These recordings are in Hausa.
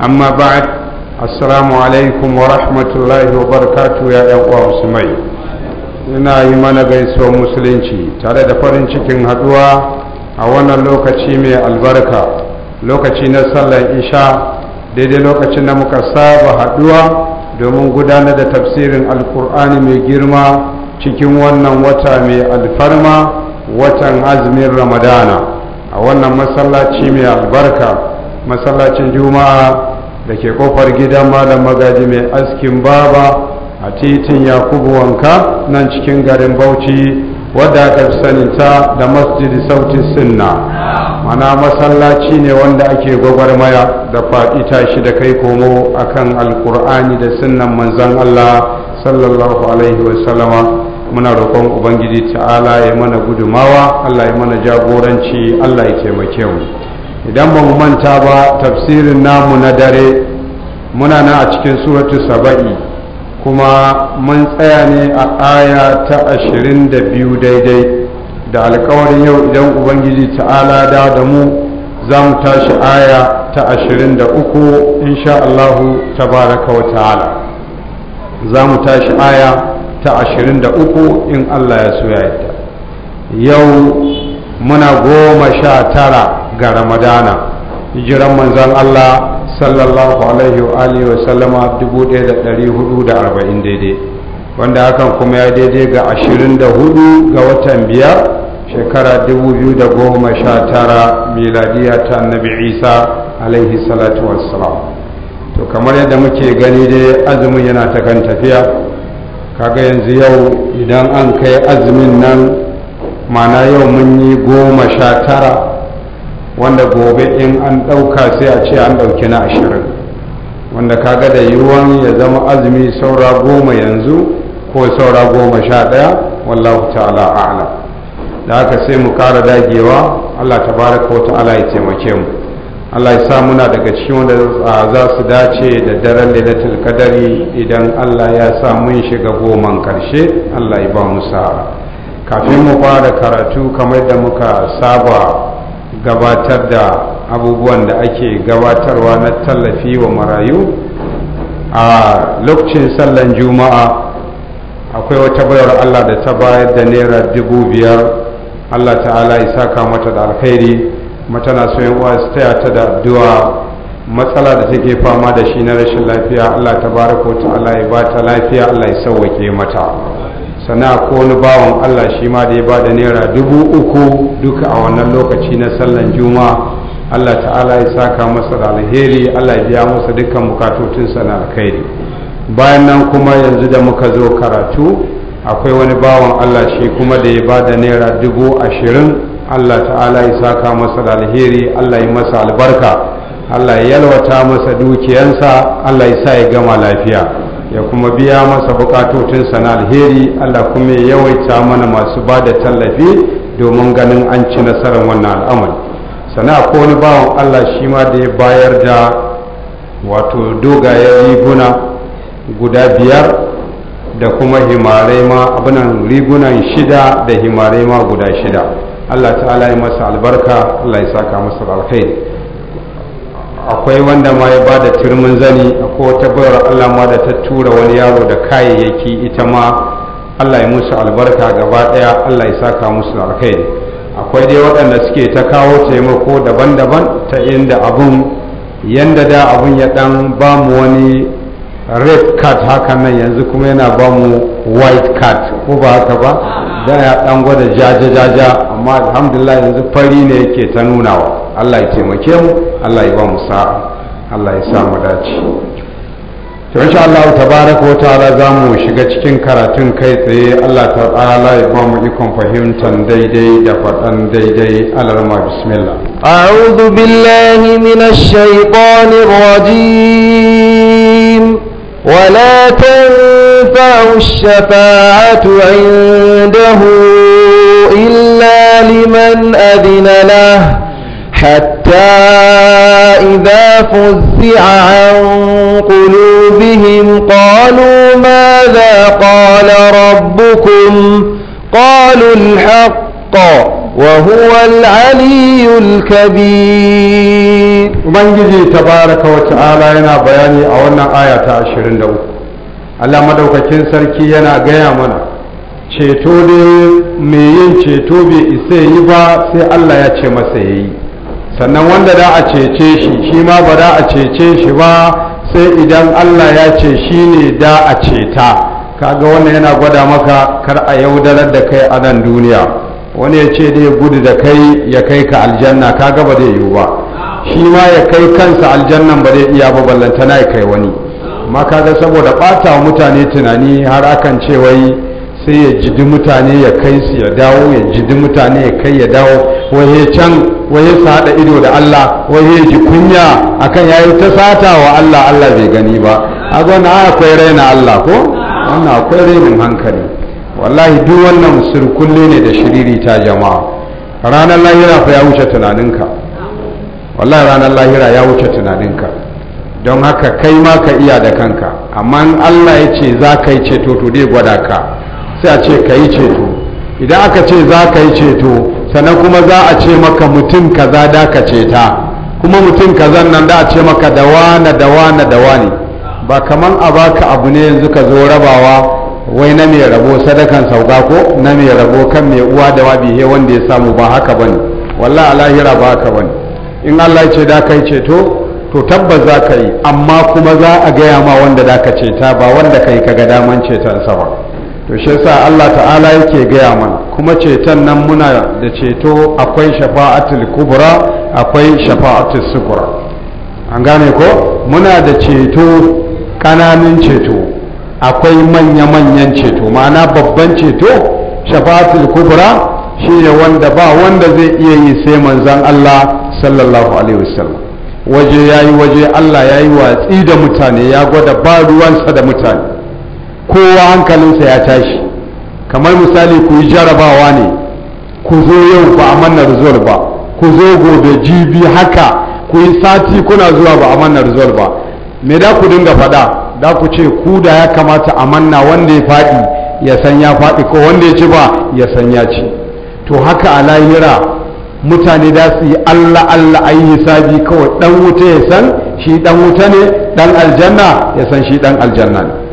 amma ba'ad assalamu alaikum wa rahmatullahi wa barakatu ya yan uwa musulmai ina yi mana gaisuwar musulunci tare da farin cikin haduwa a wannan lokaci mai albarka lokaci na sallar isha daidai lokacin da muka saba haduwa domin gudanar da tafsirin alkur'ani mai girma cikin wannan wata mai alfarma watan azumin ramadana a wannan masallaci mai albarka masallacin juma'a da ke kofar gidan malam magaji mai askin baba a titin yakubu wanka nan cikin garin bauchi wadda aka saninta da masjidi sautin sinna mana masallaci ne wanda ake gwagwarmaya da faɗi tashi da kai komo a kan Alƙur'ani da sunnan manzan allah sallallahu alaihi wasallama muna roƙon ubangiji ta'ala ya mana gudumawa allah ya mana jagoranci allah ya taimake mu idan ba mu manta ba tafsirin namu na dare muna na a cikin suratu saba'i kuma mun tsaya ne a aya ta ashirin da biyu daidai da alkawarin yau idan ubangiji ta'ala da da mu za mu tashi aya ta ashirin da uku insha Allahu tabaraka wa ta'ala za mu tashi aya ta ashirin da uku in Allah ya so ya yadda yau muna goma sha tara ga ramadana hijiran manzan allah sallallahu alaihi wa alihi wa sallama 1440 daidai wanda hakan kuma ya daidai ga 24 ga watan biyar shekara 2019 miladiya ta annabi isa alaihi salatu wassalam to kamar yadda muke gani dai azumin yana ta kan tafiya kaga yanzu yau idan an kai azumin nan mana yau mun yi goma sha tara wanda gobe in an ɗauka sai a ce an ɗauki na ashirin wanda kaga da yiwuwan ya zama azumi saura goma yanzu ko saura goma sha ɗaya wallahu ta'ala a'ala da haka sai mu ƙara dagewa allah tabaraka wa ta'ala ya taimake mu allah ya sa muna daga cikin wanda za su dace da daren lailatul kadari idan allah ya sa mun shiga goman karshe allah ya ba mu sa'a kafin mu fara karatu kamar da muka saba gabatar da abubuwan da ake gabatarwa na tallafi wa marayu a lokacin sallan juma'a akwai wata bayar allah da ta bayar da naira dubu biyar allah ta'ala ya saka mata da alkhairi matana so yan uwa su taya ta da addu'a matsala da take fama da shi na rashin lafiya allah ta baraka ta'ala ya ba ta lafiya allah ya sauwake mata sana ko wani bawan allah shi ma da ya ba da naira dubu uku duka a wannan lokaci na sallan juma allah ta'ala ya saka masa da alheri allah ya biya masa dukkan bukatotinsa na alkhairi bayan nan kuma yanzu da muka zo karatu akwai wani bawan allah shi kuma da ya ba da naira dubu ashirin allah ta'ala ya saka masa da alheri allah ya masa albarka allah ya yalwata masa dukiyansa allah ya sa ya gama lafiya ya kuma biya masa bukatotinsa sana alheri Allah kuma ya yawaita mana masu ba da tallafi domin ganin an ci nasarar wannan al'amari sana ko wani bawan Allah shi ma da ya bayar da wato dogayen riguna guda biyar da kuma himarai ma abinan rigunan shida da himarai ma guda shida Allah ta'ala ya masa albarka Allah ya saka masa alkhairi akwai wanda ma ya ba da turmin zani ko wata bayar Allah ma da ta tura wani yaro da kayayyaki ita ma Allah ya musu albarka gaba daya Allah ya saka musu alkhairi akwai dai waɗanda suke ta kawo taimako daban-daban ta inda abun yanda da abun ya dan ba mu wani red card haka nan yanzu kuma yana ba mu white card ko ba haka ba da ya dan gwada jaja-jaja amma alhamdulillah yanzu fari ne yake ta nunawa Allah ya taimake mu Allah ya ba mu sa'a Allah ya sa mu dace to insha Allah tabaraka wa ta'ala za mu shiga cikin karatun kai tsaye Allah ta'ala ya ba mu ikon fahimtar daidai da faɗan daidai alarma bismillah a'udhu billahi minash shaitanir rajim ولا تنفع الشفاعة عنده إلا لمن أذن له حتى إذا فزع عن قلوبهم قالوا ماذا قال ربكم قالوا الحق وهو العلي الكبير وبنجي تبارك وتعالى ينا بياني أولنا آية عشرين دو Allah madaukakin sarki yana gaya mana ceto dai mai yin ceto bai isa yi ba sai Allah ya ce masa ya yi sannan wanda za a cece shi shi ma ba da a cece shi ba sai idan Allah ya ce shi ne da a ceta kaga wannan yana gwada maka kar a yaudarar da kai a nan duniya wani ya ce dai gudu da kai ya kai ka aljanna kaga ba zai yiwu ba shi ma ya kai kansa aljannan ba zai iya ba ballantana ya kai wani amma kaga saboda ɓata mutane tunani har akan ce wai sai ya jidi mutane ya kai su ya dawo ya jidi mutane ya kai ya dawo waye can waye su haɗa ido da Allah waye ji kunya akan yayi ta sata wa Allah Allah bai gani ba a na akwai raina Allah ko wannan akwai rainin hankali wallahi duk wannan surkulle ne da shiriri ta jama'a ranar lahira fa ya wuce tunaninka wallahi ranar lahira ya wuce tunaninka don haka kai ma ka iya da kanka amma Allah ya ce za ka yi ceto to dai gwada ka sai a ce ka yi ceto idan aka ce za ka yi ceto sannan kuma za a ce maka mutum kaza da ka ceta kuma mutum kazan nan da a ce maka wane da wane ba kaman a baka abu ne yanzu ka zo rabawa wai na mai rabo sadakan sauka ko na mai rabo kan mai uwa da wabi he wanda ya samu ba haka bane wallahi alahira ba haka bane in Allah ya ce da kai ceto to tabbas za ka yi amma kuma za a gaya ma wanda da ka ceta ba wanda ka yi kaga daman cetonsa ba to shi yasa Allah ta'ala yake gaya mana kuma ceton nan muna da ceto akwai shafa'atul kubra akwai shafa'atul sugura an gane ko muna da ceto ƙananin ceto akwai manya-manyan ceto ma'ana babban ceto shafa'atul kubra ne wanda ba wanda zai iya yi sai manzan Allah sallallahu alaihi wasallam waje yayi waje Allah yayi watsi da mutane ya gwada ba ruwansa da mutane kowa hankalinsa ya tashi kamar misali ku yi jarabawa ne ku zo yau ba a manna result ba ku zo gobe jibi haka ku yi sati kuna zuwa ba a manna result ba me da ku dinga faɗa da ku ce ku da ya kamata a manna wanda ya faɗi ya san ya faɗi ko wanda ya ci ba ya san ci to haka a lahira mutane da su yi allah allah a yi hisabi kawai dan wuta ya san shi dan wuta ne dan aljanna ya san shi dan aljanna ne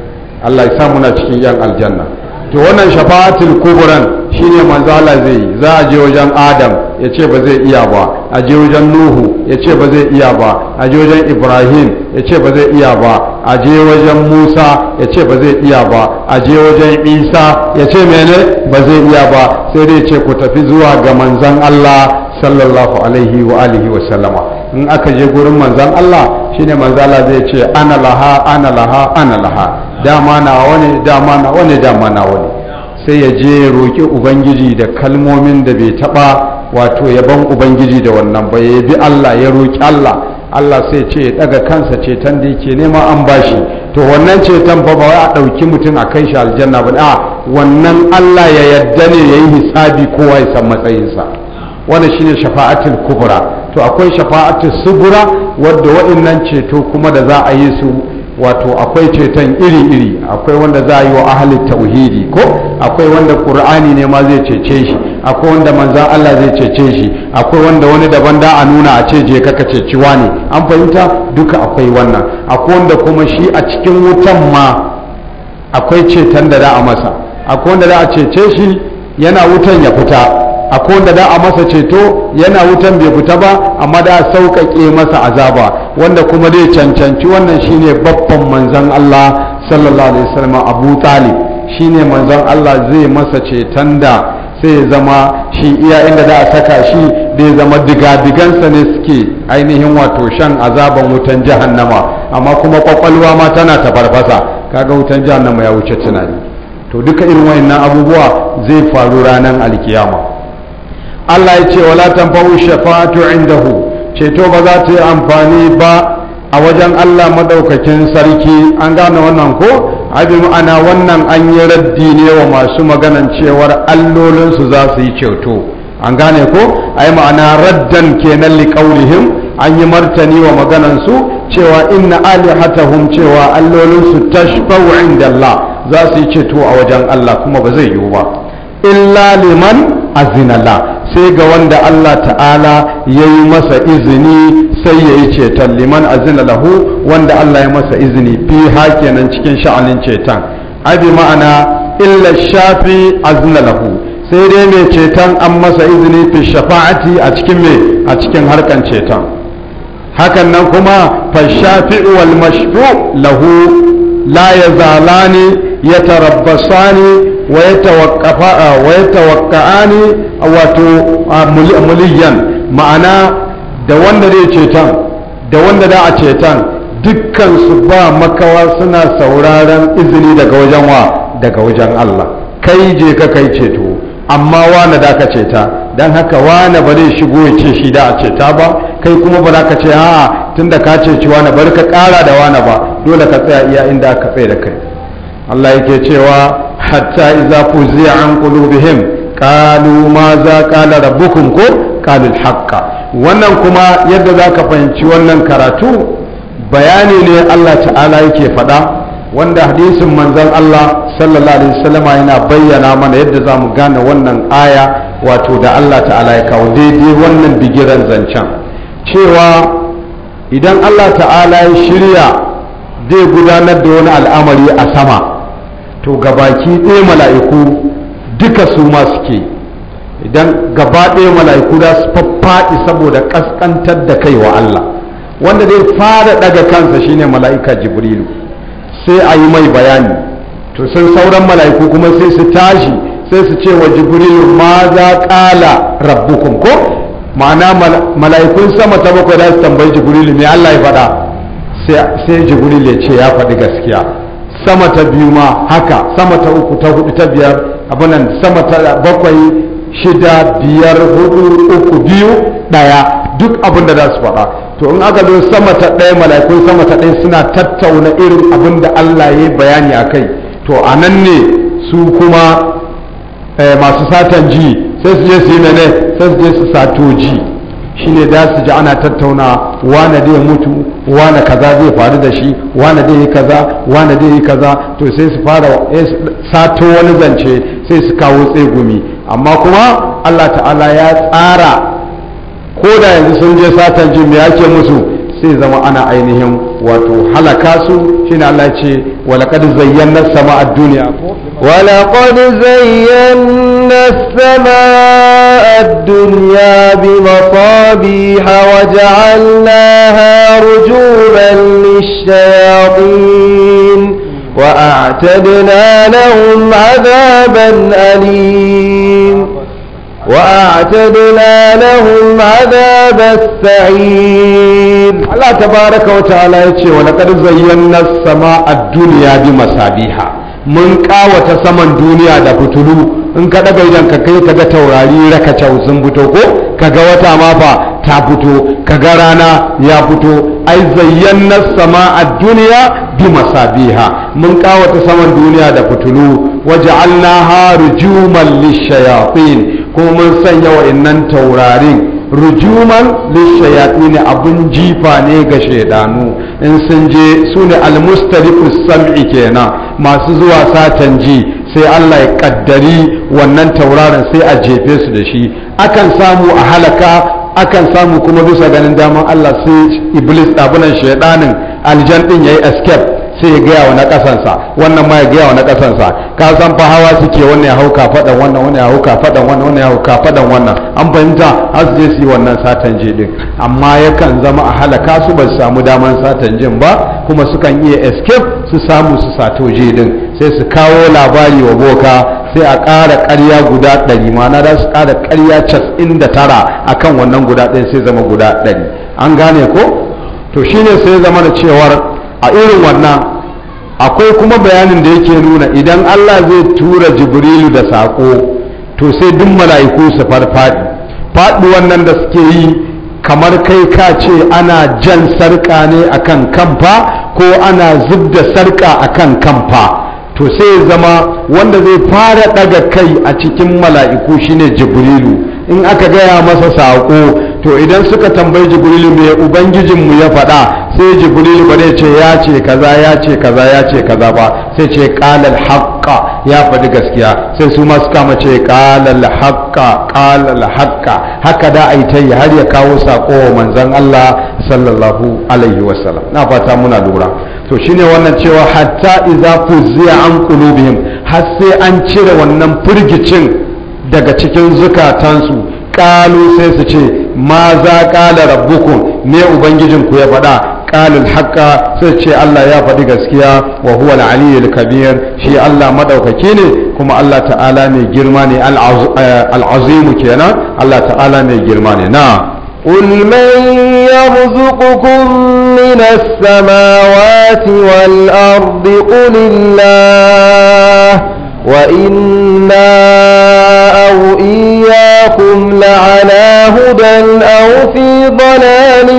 Allah ya sa muna cikin yan aljanna to wannan shafa'atul kubran shine manzo Allah zai yi za a je wajen Adam ya ce ba zai iya ba a je wajen Nuhu ya ce ba zai iya ba a je wajen Ibrahim ya ce ba zai iya ba a je wajen Musa ya ce ba zai iya ba a je wajen Isa ya ce mene ba zai iya ba sai dai ce ku tafi zuwa ga manzon Allah sallallahu alaihi wa alihi wa sallama in aka je gurin manzon Allah shine manzo Allah zai ce ana laha ana laha ana laha dama nawa wani dama nawa wani dama nawa ne sai ya je roƙi ubangiji da kalmomin da bai taɓa wato yaban ubangiji da wannan ba ya bi Allah ya roƙi Allah Allah sai ce ya daga kansa ceton da yake nema an bashi to wannan ceton ba ba a ɗauki mutum a kai shi aljanna ba a wannan Allah ya yadda ne ya yi hisabi kowa ya san matsayinsa wannan shine shafa'atul kubra to akwai shafa'atul subura wadda wa'annan ceto kuma da za a yi su wato akwai ceton iri-iri akwai wanda za a yi wa ahalin tauhidi ko akwai wanda ƙur'ani ne ma zai cece shi akwai wanda manzan Allah zai cece shi akwai wanda wani daban da a nuna a ce je kaka ceci ne an fahimta duka akwai wannan akwai wanda kuma shi a cikin wutan ma akwai ceton da za a masa akwai wanda za a cece shi yana wutan ya fita akwai wanda za a masa ceto yana wutan bai fita ba amma da sauƙaƙe masa azaba wanda kuma zai cancanci wannan shine babban manzan Allah sallallahu alaihi wasallam Abu Talib shine manzan Allah zai masa ceton da sai zama shi iya inda za a saka shi zai zama digadigansa ne suke ainihin wato shan azaban wutan jahannama amma kuma kwakwalwa ma tana tafarfasa kaga wutan jahannama ya wuce tunani to duka irin wayannan abubuwa zai faru ranar alkiyama Allah ya ce wala tanfa'u shafa'atu indahu ceto ba za ta yi amfani ba a wajen Allah madaukakin sarki an gane wannan ko abin ma'ana wannan an yi raddi ne wa masu maganan cewar allolinsu za su yi ceto an gane ko ai ma'ana raddan kenan liqaulihim an yi martani wa su cewa inna alihatahum cewa allolinsu tashfa'u indallah za su yi ceto a wajen Allah kuma ba zai yiwu ba illa liman azinala sai ga wanda Allah ta'ala ya yi masa izini sai ya yi ceton liman azina lahu wanda Allah ya masa izini fi ha kenan cikin sha'anin ceton abi ma'ana illa shafi azina lahu sai dai mai ceton an masa izini fi shafa'ati a cikin mai a cikin harkan ceton hakan nan kuma fa shafi wal mashfu lahu la ya ya tarabbasani wa yatawakka'ani wato muliyan ma'ana da wanda zai cetan da wanda da a cetan dukkan su ba makawa suna sauraron izini daga wajen wa daga wajen Allah kai je ka kai ceto amma wane da ka ceta don haka wane ba zai shigo ya ce shi da a ceta ba kai kuma ba za ka ce a'a tunda ka ceci wane bari ka kara da wane ba dole ka tsaya iya inda aka tsaye da kai Allah yake cewa hatta izafu zai an qulubihim qalu ma za qala rabbukum wannan kuma yadda zaka fahimci wannan karatu bayani ne Allah ta'ala yake faɗa wanda hadisin manzon Allah sallallahu alaihi wasallama yana bayyana mana yadda za mu gane wannan aya wato da Allah ta'ala ya kawo daidai wannan bigiran zancen cewa idan Allah ta'ala ya shirya zai gudanar da wani al'amari a sama to gabaki ɗaya mala'iku duka su ma suke idan gaba ɗaya mala'iku za su faffaɗi saboda ƙasƙantar da kai wa Allah wanda zai fara ɗaga kansa shine mala'ika jibrilu sai a yi mai bayani to sai sauran mala'iku kuma sai su tashi sai su ce wa jibrilu ma za ƙala rabbukun ko ma'ana mala'ikun sama ta bakwai za su tambayi jibrilu me Allah ya faɗa sai jibrilu ya ce ya faɗi gaskiya sama ta biyu ma haka sama ta uku ta hudu ta biyar abinan sama ta bakwai shida biyar hudu uku biyu daya duk abin da za su faɗa to in aka zo sama ta ɗaya mala'ikun sama ta ɗaya suna tattauna irin abin da Allah ya bayani a kai to a nan ne su kuma eh, masu satan ji sai su je su yi mene sai su je su sato shine da su ji ana tattauna wane da mutu wane kaza zai faru da shi wane da yi kaza wane da yi kaza to sai su fara eh, sato wani zance sai su kawo tsegumi amma kuma Allah ta'ala ya tsara ko da yanzu sun je satan jin me yake musu sai zama ana ainihin wato halaka su shine Allah ce walaqad zayyana sama'a ad-dunya walaqad zayyana السماء الدنيا بمصابيح وجعلناها رجوما للشياطين وأعتدنا لهم عذابا أليم وأعتدنا لهم عذاب السعير الله تبارك وتعالى يقول ولقد زينا السماء الدنيا بمصابيحها mun kawata saman duniya da fitulu in ka ɗaga idan ka kai kaga taurari raka sun fito ko ka ga wata mafa ta fito ka ga rana ya fito ai sama a duniya bi masabiha mun kawata saman duniya da fitulu waja'alnaha rujuman lishayatin kuma mun sanya wa'annan taurarin rujuman lishayatu ne abun jifa ne ga shaidanu in sun je su ne almustarifu sam'i kenan masu zuwa satan ji sai Allah ya kaddari wannan tauraron sai a jefe su da shi akan samu a halaka akan samu kuma bisa ganin daman Allah sai iblis abunan shaidanin aljan din yayi escape sai ya gaya wa na kasansa wannan ma ya gaya wa na kasansa ka san fa hawa suke wannan ya hau kafadan wannan wannan ya hau kafadan wannan wannan ya hau kafadan wannan an fahimta har su je su yi wannan satan je din amma yakan zama a halaka su ba su samu daman satan jin ba kuma sukan iya escape su samu su sato je din sai su kawo labari wa boka sai a ƙara ƙarya guda ɗari ma'ana za su ƙara ƙarya casa'in da tara a kan wannan guda ɗin sai zama guda ɗari an gane ko to shine sai zama da cewar a irin wannan akwai kuma bayanin da yake nuna idan Allah zai tura jibrilu da saƙo to sai duk mala'iku su farfaɗi faɗuwan nan da suke yi kamar kai ka ce ana jan sarƙa ne akan kamfa ko ana zubda da sarƙa akan kamfa to sai ya zama wanda zai fara ɗaga kai a cikin mala'iku shine jibrilu in aka gaya masa saƙo to idan suka tambayi jibrilu me ubangijinmu ya faɗa sai jibril ba ce ya ce kaza ya ce kaza ya ce kaza ba sai ce qalal haqqa ya faɗi gaskiya sai su ma suka mace qalal haqqa qalal haqqa haka da ai tayi har ya kawo sako wa manzon Allah sallallahu alaihi wasallam na fata muna lura to shine wannan cewa hatta idza fuzziya an qulubihim har sai an cire wannan firgicin daga cikin zukatansu kalu sai su ce ma za kala rabbukum me ubangijinku ya faɗa qalil haqqa sai ce Allah ya faɗi gaskiya wa huwa al-aliyyul kabir shi Allah madaukaki ne kuma Allah ta'ala mai girma ne eh, al-azim kenan Allah ta'ala mai girma ne na قل من يرزقكم من السماوات والأرض قل الله وإنا أو إياكم لعلى هدى أو في ضلال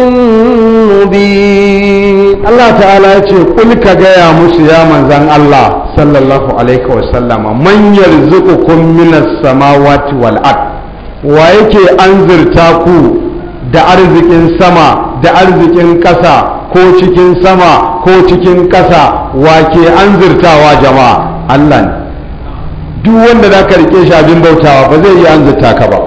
مبين ka gaya musu قل كجايا مسيا من زن الله صلى manyan عليه وسلم من يرزقكم من السماوات والأرض ويكي أنزل تاكو da arzikin sama da arzikin ƙasa ko cikin sama ko cikin ƙasa wake an zirtawa jama'a Allah ne duk wanda za ka rike shi abin bautawa ba zai iya an ka ba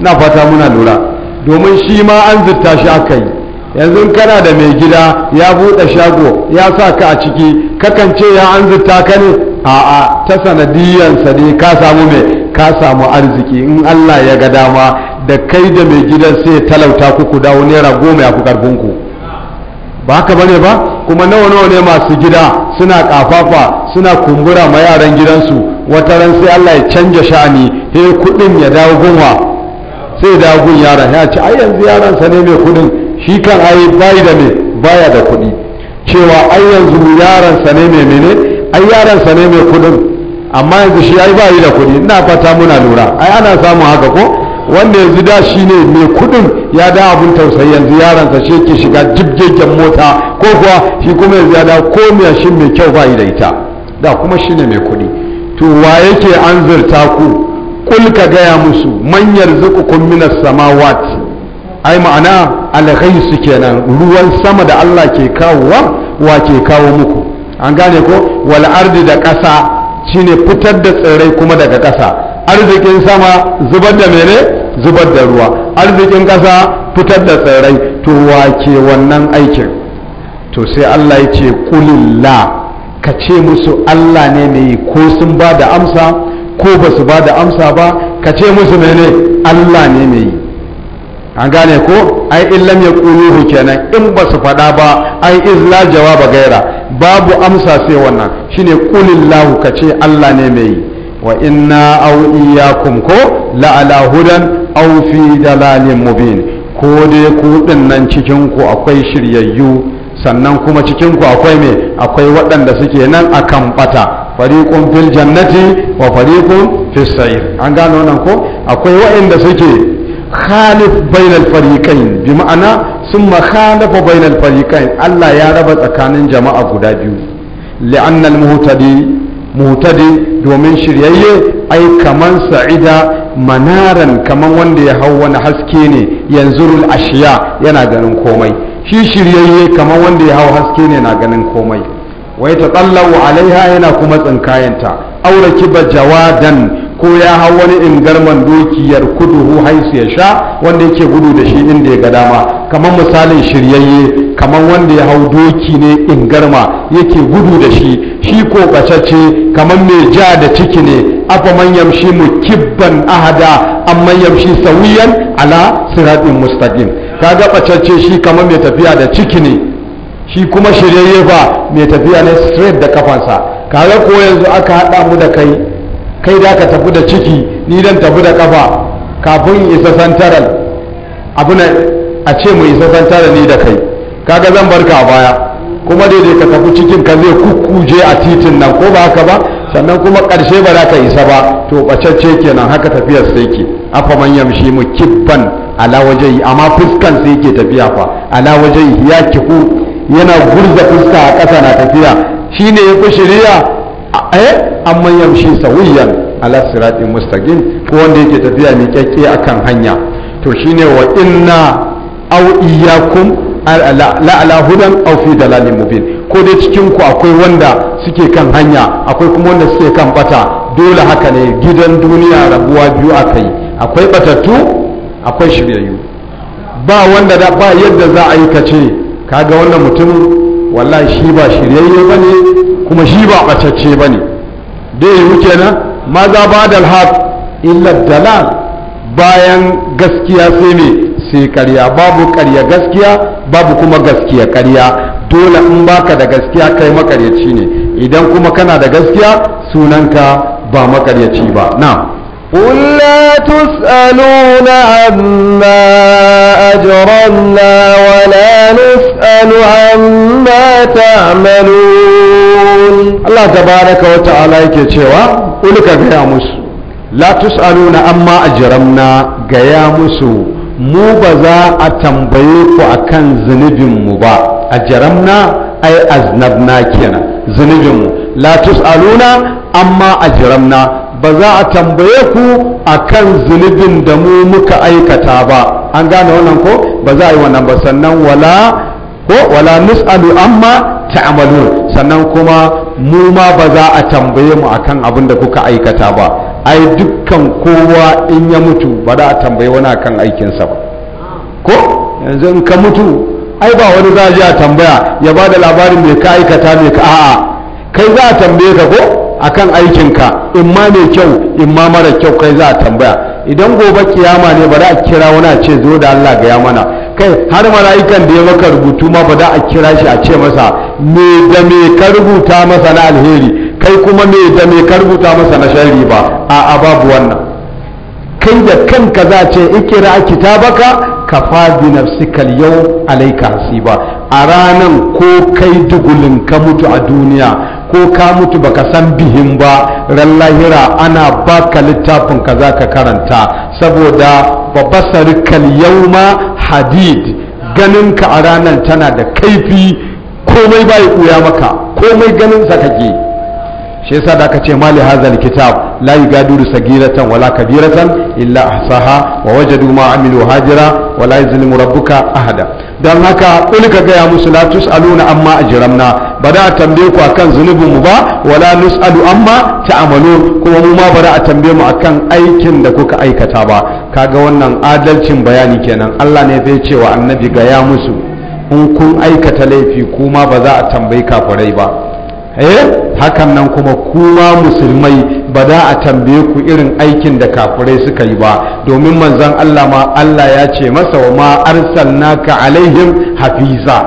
na fata muna lura domin shi ma an zirta shi aka yi yanzu kana da mai gida ya buɗe shago ya sa ka a ciki kakan ce ya an zuta ka ne a'a ta sa ne ka samu mai ka samu arziki in Allah ya ga dama da kai da mai gidan sai talauta ku dawo naira goma ya fi karfinku ba haka bane ba kuma nawa nawa ne masu gida suna kafafa suna kumbura ma yaran gidansu wata ran sai Allah ya canja sha'ani he kudin ya dawo gunwa sai dawo gun yaran ya ce ai yanzu yaran sa ne mai kudin shi kan ayi bai da me baya da kuɗi cewa ai yanzu yaransa ne mai mene ai yaransa ne mai kuɗin amma yanzu shi ai bai da kuɗi ina fata muna lura ai ana samun haka ko wanda yanzu da shi ne mai kuɗin ya da abun tausayi yanzu yaransa shi yake shiga jibgegen mota ko kuwa shi kuma yanzu ya da komiya shi mai kyau bai da ita da kuma shi ne mai kuɗi to wa yake an zirta ku kul ka gaya musu manyar zukukun minas samawat ai ma'ana alghaisu kenan ruwan sama da Allah ke kawowa wa ke kawo muku an gane ko wal ardi da ƙasa shine fitar da tsirrai kuma daga ƙasa arzikin sama zubar da mene zubar da ruwa arzikin ƙasa fitar da tsirrai to wake wannan aikin to sai Allah ya ce kulilla ka ce musu Allah ne ne ko sun ba da amsa ko ba su ba da amsa ba ka ce musu mene Allah ne mai an gane ko ai in lam yaquluhu kenan in ba su faɗa ba ai iz la jawaba gaira babu amsa sai wannan shine qulillahu kace Allah ne mai wa inna aw iyyakum ko la ala hudan aw fi dalalin mubin ko dai ku nan cikin ku akwai shiryayyu sannan kuma cikin ku akwai me akwai waɗanda suke nan akan bata fariqun fil jannati wa fariqun fis sa'ir an gane wannan ko akwai waɗanda suke khalif bainal fariqain bi ma'ana summa khalafa bainal fariqain Allah ya raba tsakanin jama'a guda biyu li'annal muhtadi muhtadi domin shiryayye ai kaman sa'ida manaran kaman wanda ya hau wani haske ne yanzurul ashiya yana ganin komai shi shiryayye kaman wanda ya hau haske ne na ganin komai wai ta tsallawa alaiha yana kuma tsinkayanta aure kiba jawadan ko ya hau wani ingarman dokiyar kuduhu haisu ya sha wanda yake gudu da shi inda ya ga dama kamar misalin shiryayye kamar wanda ya hau doki ne ingarma yake gudu da shi shi ko kacace kamar mai ja da ciki ne afa man yamshi kibban ahada amma yamshi sawiyan ala siratin mustaqim kaga bacacce shi kamar mai tafiya da ciki ne shi kuma shiryayye fa mai tafiya ne straight da kafansa kaga ko yanzu aka haɗa mu da kai kai da ka tafi da ciki ni dan tafi da kafa kafin isa santaral abu a ce mu isa santaral ni da kai kaga zan barka a baya kuma daidai ka tafi cikin ka zai kukkuje a titin nan ko ba haka ba sannan kuma karshe ba za ka isa ba to ɓacacce kenan haka tafiyar sai ke afa man yamshi mu kibban ala wajehi amma fuskan sai ke tafiya fa ala wajehi ya kiku yana gurza fuska a ƙasa na tafiya shine ya fi shiriya Eh, amma yamshi sawiyan ala sirati mustaqim ko wanda yake tafiya mai kyakke akan hanya to shine wa inna aw iyyakum ala hudan aw fi dalalin mubin ko dai cikin ku akwai wanda suke kan hanya akwai kuma wanda suke kan bata dole haka ne gidan duniya rabuwa biyu akai akwai batattu akwai shiryayyu ba wanda ba yadda za a yi kace kaga wannan mutum wallahi shi ba shiryayye ba ne kuma shi ba ɓacacce ba ne da yi kenan maza ba da alhaf illa dalal bayan gaskiya sai ne sai karya babu karya gaskiya babu kuma gaskiya karya dole in baka da gaskiya kai makaryaci ne idan kuma kana da gaskiya sunanka ba makaryaci ba na. قل لا تسألون عما أجرمنا ولا نسأل عما تعملون الله تبارك وتعالى يكتشوا قل كغيا مسو لا تسألون عما أجرمنا غيا مسو mu ba za a tambaye ku akan zunubinmu ba a jaramna ai aznabna kenan zunubinmu la tus'aluna amma ajramna ba za a tambaye ku a kan zunubin da mu muka aikata ba an gane wannan ko ba za a yi wannan ba sannan wala ko wala nus'alu amma ta'amalu sannan kuma mu ma ba za a tambaye mu akan abin da kuka aikata ba ai dukkan kowa in ya mutu ba za a tambaye wani akan aikinsa ba ko yanzu in ka mutu ai ba wani za a tambaya ya ba da labarin me ka aikata me ka a'a kai za a tambaye ka ko akan aikinka in ma mai kyau in ma mara kyau kai za a tambaya idan gobe kiyama ne ba za a kira wani a ce zo da Allah gaya mana kai har mala'ikan da ya maka rubutu ma ba za a kira shi a ce masa me da me ka rubuta masa na alheri kai kuma me da me ka rubuta masa na sharri ba a'a babu wannan kai da kanka za ce ikira kitabaka kafa bi nafsikal yau alaika hasiba a ranan ko kai dugulin ka mutu a duniya ko ka mutu baka san bihin ba ran lahira ana baka littafin ka za ka karanta saboda babasarikal yauma hadid ganinka a ranar tana da kaifi komai ya ɓuya maka komai ganinsa kake shi yasa da aka ce mali hazal kitab la yugadiru sagiratan wala kabiratan illa ahsaha wa wajadu ma amilu hajira wala yuzlimu rabbuka ahada don haka kulka gaya musu la tus'aluna amma ajramna ba da a tambaye ku akan zunubin mu ba wala nus'alu amma ta'malun kuma mu ma ba da a tambaye mu akan aikin da kuka aikata ba kaga wannan adalcin bayani kenan Allah ne zai ce wa annabi gaya musu in kun aikata laifi kuma ba za a tambayi kafirai ba eh hakan nan kuma kuma musulmai ba da a tambaye ku irin aikin da kafurai suka yi ba domin manzon Allah ma Allah ya ce masa wa ma naka alaihim hafiza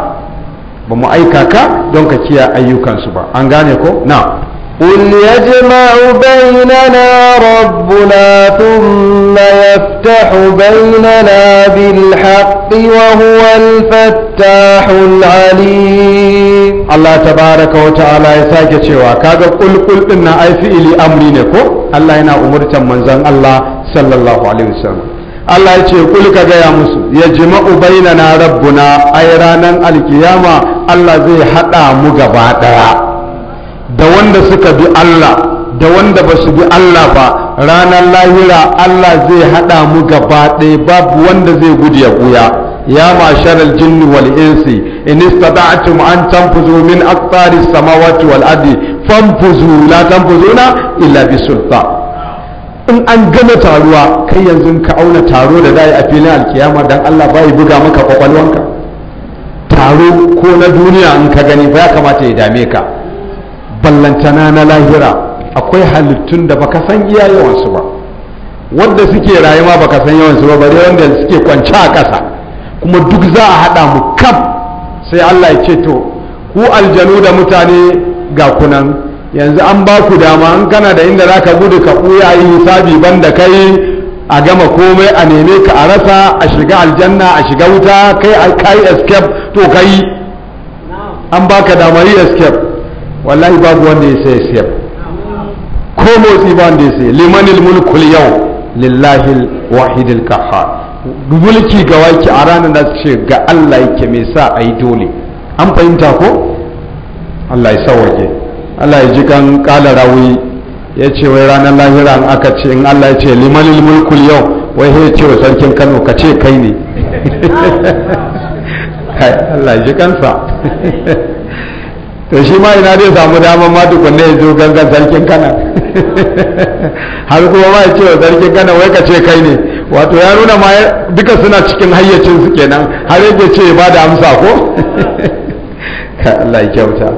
ba mu aika ka don ka kiya ayyukansu ba an gane ko na قل يجمع بيننا ربنا ثم يفتح بيننا بالحق وهو الفتاح العليم الله تبارك وتعالى يساك cewa kaga kul kul din na ai fi'ili amri ne ko Allah yana umurtan manzon Allah sallallahu alaihi Allah ya ce kul ka gaya musu ya jima'u bainana rabbuna ai ranar alkiyama Allah zai hada mu gaba ɗaya da wanda suka bi Allah da wanda ba su bi Allah ba ranar lahira Allah zai haɗa mu gaba ɗaya babu wanda zai gudu ya buya يا معشر الجن والإنس إن استطعتم أن تنفذوا من أقطار السماوات والأرض فانفذوا لا تنفذون إلا بسلطان in an gama taruwa kai yanzu ka auna taro da za a filin alkiyama dan Allah bai buga maka kwakwalwanka taro ko na duniya in ka gani ba ya kamata ya dame ka ballantana na lahira akwai halittun da baka san iya yawansu ba wanda suke rayuwa baka san yawansu ba bare wanda suke kwance a ƙasa kuma duk za a haɗa mu kaf sai Allah ya ce to ku aljanu da mutane ga kunan yanzu an ba ku dama an kana da inda za ka gudu ka ɓuya yi hisabi ban da kai a gama komai a neme ka a rasa a shiga aljanna a shiga wuta kai a kai escape to kai an baka damar yi escape wallahi babu wanda ya sai siyar ko motsi ba wanda ya sai limanil mulkul yau lillahi wahidil kaha mulki ga waki a ranar da ce ga Allah yake mai sa a yi dole an fahimta ko Allah ya sawake Allah ya ji kan kala rawi ya ce wai ranar lahira an aka ce in Allah ya ce limanil mulkul yau wai ya ce wa sarkin Kano ka ce kai ne Allah ya ji kansa to shi ma ina zai samu damar ma tukunne ya zo gangan sarkin kana har kuma ma ya ce wa sarkin kana wai ka ce kai ne wato ya nuna ma duka suna cikin hayyacin su kenan har yake ce ba da amsa ko ka Allah ya kyauta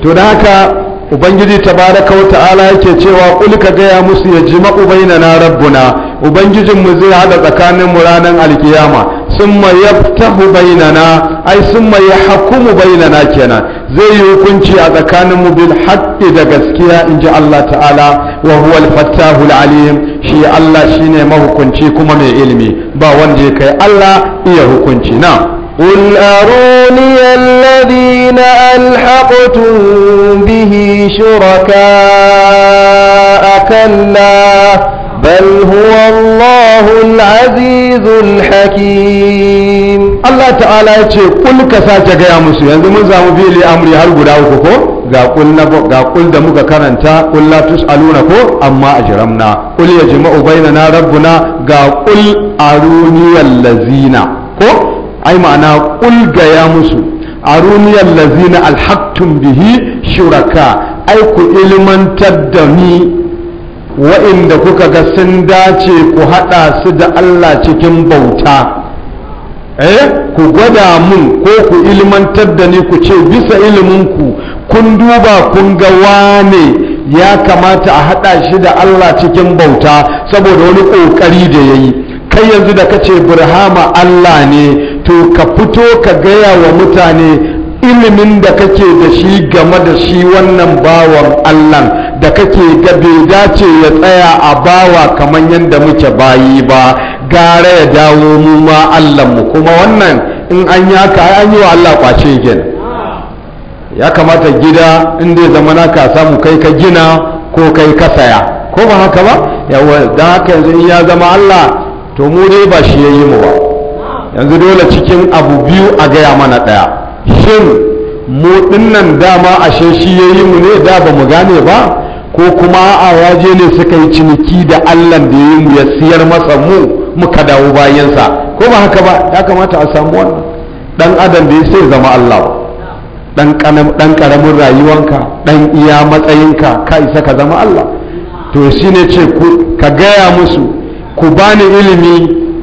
to da haka ubangiji tabaraka wa ta'ala yake cewa qul ka ga ya musu yajma'u bainana rabbuna ubangijinmu zai haɗa tsakaninmu ranar alkiyama summa yaftahu bainana ai summa yahkumu bainana kenan zai yi hukunci a tsakaninmu bil haqqi da gaskiya inji Allah ta'ala wa huwa al-fattahu al-alim shi Allah shine mahukunci kuma mai ilimi ba wanda ya kai Allah iya hukunci na قل أروني الذين ألحقتم به شركاء كلا بل هو الله العزيز الحكيم الله تعالى يتي قل كسا جايا مسو yanzu mun zamu bi li amri har guda uku ko ga kul ga da muka karanta kul la tusaluna ko amma ajramna kul yajma'u bainana rabbuna ga kul aruni allazina ko ai ma'ana kul ga ya musu aruni allazina alhaqtum bihi shuraka ai ku ilmantar wa'inda kuka ga sun dace ku haɗa su da Allah cikin bauta eh ku gwada mun ko ku ilmantar da ni ku ce bisa ku kun duba kun ga wane ya kamata a haɗa shi da Allah cikin bauta saboda wani ƙoƙari da ya yi kai yanzu da kace burhama Allah ne to ka fito ka gaya wa mutane ilimin da kake da shi game da shi wannan bawan Allah da kake ga bai dace ya tsaya a bawa kamar yadda muke bayi ba gara ya dawo mu ma mu kuma wannan in an yi haka an yi wa Allah kwace gina ya kamata gida inda ya zama naka samu kai ka gina ko kai ka saya ko ba haka ba yawa da haka yanzu ya zama Allah to mu dai ba shi ya yi mu ba yanzu dole cikin abu biyu a gaya mana ɗaya shin mu dinnan dama ashe shi ya yi mu ne da ba mu gane ba ko kuma a waje ne suka yi ciniki da allah da ya yi siyar masa mu muka dawo bayansa ko ba haka ba ya kamata a samu wannan dan adam da ya sai zama allah dan karamin rayuwanka dan iya matsayinka ka isa ka zama Allah to shi ne ce ka gaya musu ku bani ilimi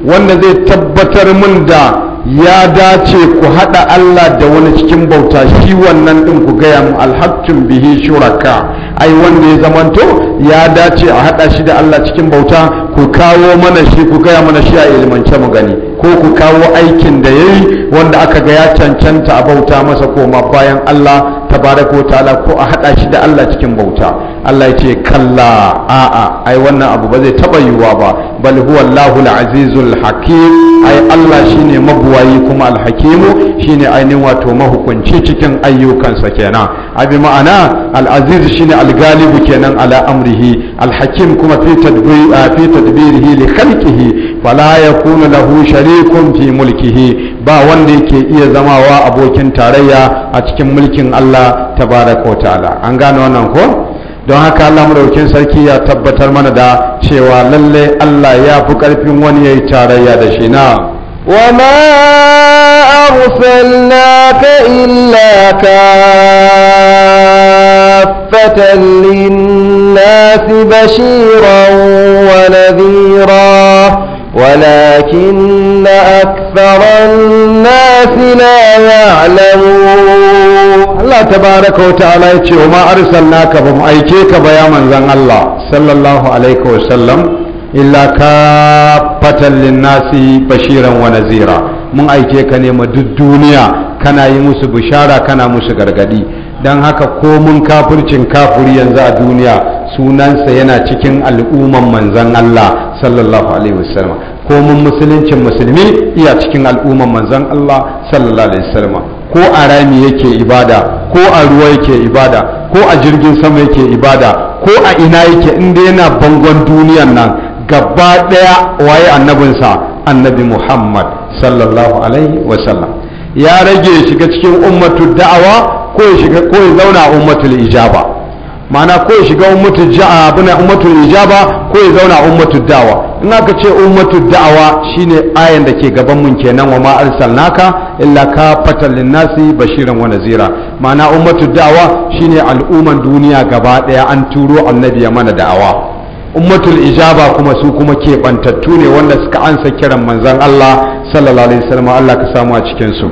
wanda zai tabbatar min da ya dace ku haɗa Allah da wani cikin bauta shi wannan ɗin ku gaya mu alhaktun bihi shuraka ai wanda ya zamanto ya dace a haɗa shi da Allah cikin bauta ku kawo mana shi ku gaya mana shi a ilimance mu gani ko ku kawo aikin da ya yi wanda aka ga ya cancanta a bauta masa koma bayan Allah tabaraka ta'ala ko a haɗa shi da Allah cikin bauta Allah ya ce kalla a'a ai wannan abu ba zai taba yiwuwa ba bal huwa al azizul hakim ai Allah shine mabuwayi kuma alhakimu shine ainihin wato mahukunci cikin ayyukansa kenan abi ma'ana al-aziz shine al-galibu kenan ala amrihi al-hakim kuma fi tadbiri fi tadbirihi li khalqihi fala yakunu lahu sharikun fi mulkihi ba wanda yake iya zamawa abokin tarayya a cikin mulkin Allah tabaraka wa ta'ala an gane wannan ko don haka Allah madaukin sarki ya tabbatar mana da cewa lalle Allah ya fi ƙarfin wani yayi tarayya da shi na وما أرسلناك إلا كافة للناس بشيرا ونذيرا ولكن أكثر الناس لا يعلمون الله تبارك وتعالى يقول ما أرسلناك بمأيكيك بيا من ذن الله صلى الله عليه وسلم إلا كافة للناس بشيرا ونذيرا mun aike ka ne ma duk duniya kana yi musu bishara kana musu gargadi don haka komun kafircin kafiri yanzu a duniya sunansa yana cikin al'umman manzan Allah sallallahu alaihi wasallama komun musuluncin musulmi iya cikin al'umman manzan Allah sallallahu alaihi wasallama ko a rami yake ibada ko a ruwa yake ibada ko a jirgin sama yake ibada ko a ina yake inda yana bangon duniyan nan gaba daya waye annabinsa annabi Muhammad sallallahu alaihi wasallam ya rage shiga cikin ummatu da'awa ko ya shiga ko ya zauna a ummatul ijaba ma'ana ko ya shiga ummatul abuna ummatul ijaba ko zauna a ummatul da'wa in aka ce ummatul da'wa shine ayan da ke gaban mun kenan wa ma arsalnaka illa ka kafatan linnasi bashiran wa nazira ma'ana ummatul da'wa shine al'umman duniya gaba daya an turo annabi ya mana da'awa ummatul ijaba kuma su kuma keɓantattu ne wanda suka ansa kiran manzon Allah sallallahu alaihi wasallam Allah ka samu a cikin su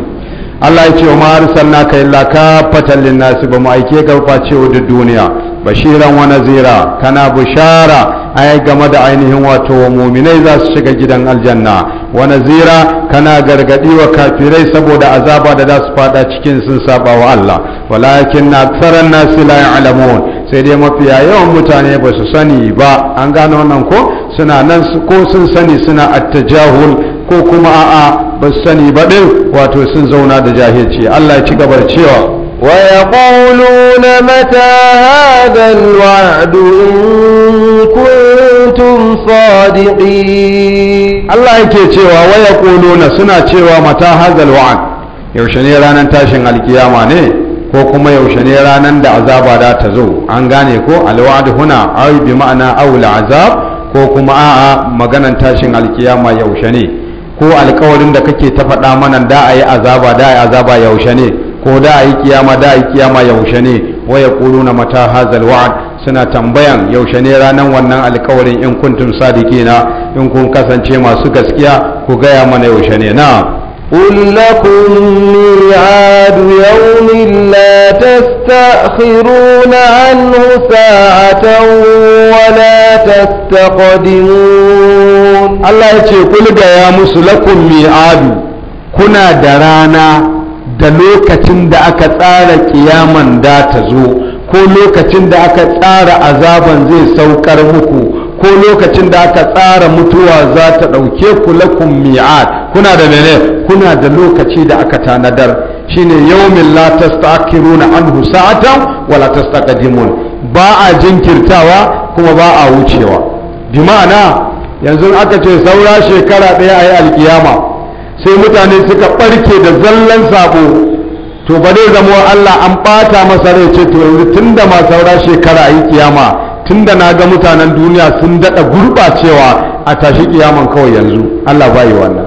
Allah ya ce wa ma'arisan ka illa ka fatan nasi ba mu aike ka face wa duniya bashiran wa nazira kana bushara ai game da ainihin wato muminai za su shiga gidan aljanna wa nazira kana gargadi wa kafirai saboda azaba da za su fada cikin sun saba wa Allah walakin aktharan nasi la ya'lamun sai dai mafiya yawan mutane ba su sani ba an gane wannan ko suna nan ko sun sani suna attajahul ko kuma a'a ba sani ba din wato sun zauna da jahilci Allah ya ci gabar cewa wa yaquluna mata hadha alwa'd in kuntum Allah yake cewa wa yaquluna suna cewa mata hadha alwa'd yaushe ne ranar tashin alkiyama ne ko kuma yaushe ne ranar da azaba da ta zo an gane ko alwa'd huna ai bi ma'ana aula azab ko kuma a'a maganan tashin alkiyama yaushe ne ko alkawarin da kake ta faɗa mana da a yi azaba da a yi azaba yaushe ne ko da a yi kiyama da a yi kiyama yaushe ne waya ya na mata hazal wa'ad suna tambayan yaushe ne ranar wannan alkawarin in kuntum na in kun kasance masu gaskiya ku gaya mana yaushe ne na قل لكم ميعاد يوم لا تستأخرون عنه ساعة ولا تستقدمون الله يقول قل يا لكم ميعاد كنا درانا da lokacin da aka tsara ƙiyaman da zo ko lokacin da aka tsara azaban zai saukar muku ko lokacin da aka tsara mutuwa za ta ɗauke ku lakum mi'ad kuna da mene kuna da lokaci da aka tanadar shine yawmin la tasta'khiruna anhu sa'atan wa la tastaqdimun ba a jinkirtawa kuma ba a wucewa bi ma'ana yanzu aka ce saura shekara daya ayi yi alkiyama sai mutane suka barke da zallan sabo to ba zai zamo Allah an ɓata masa rai ce to yanzu tun ma saura shekara ayi yi kiyama tun na ga mutanen duniya sun dada gurɓacewa a tashi kiyaman kawai yanzu Allah bai yi wannan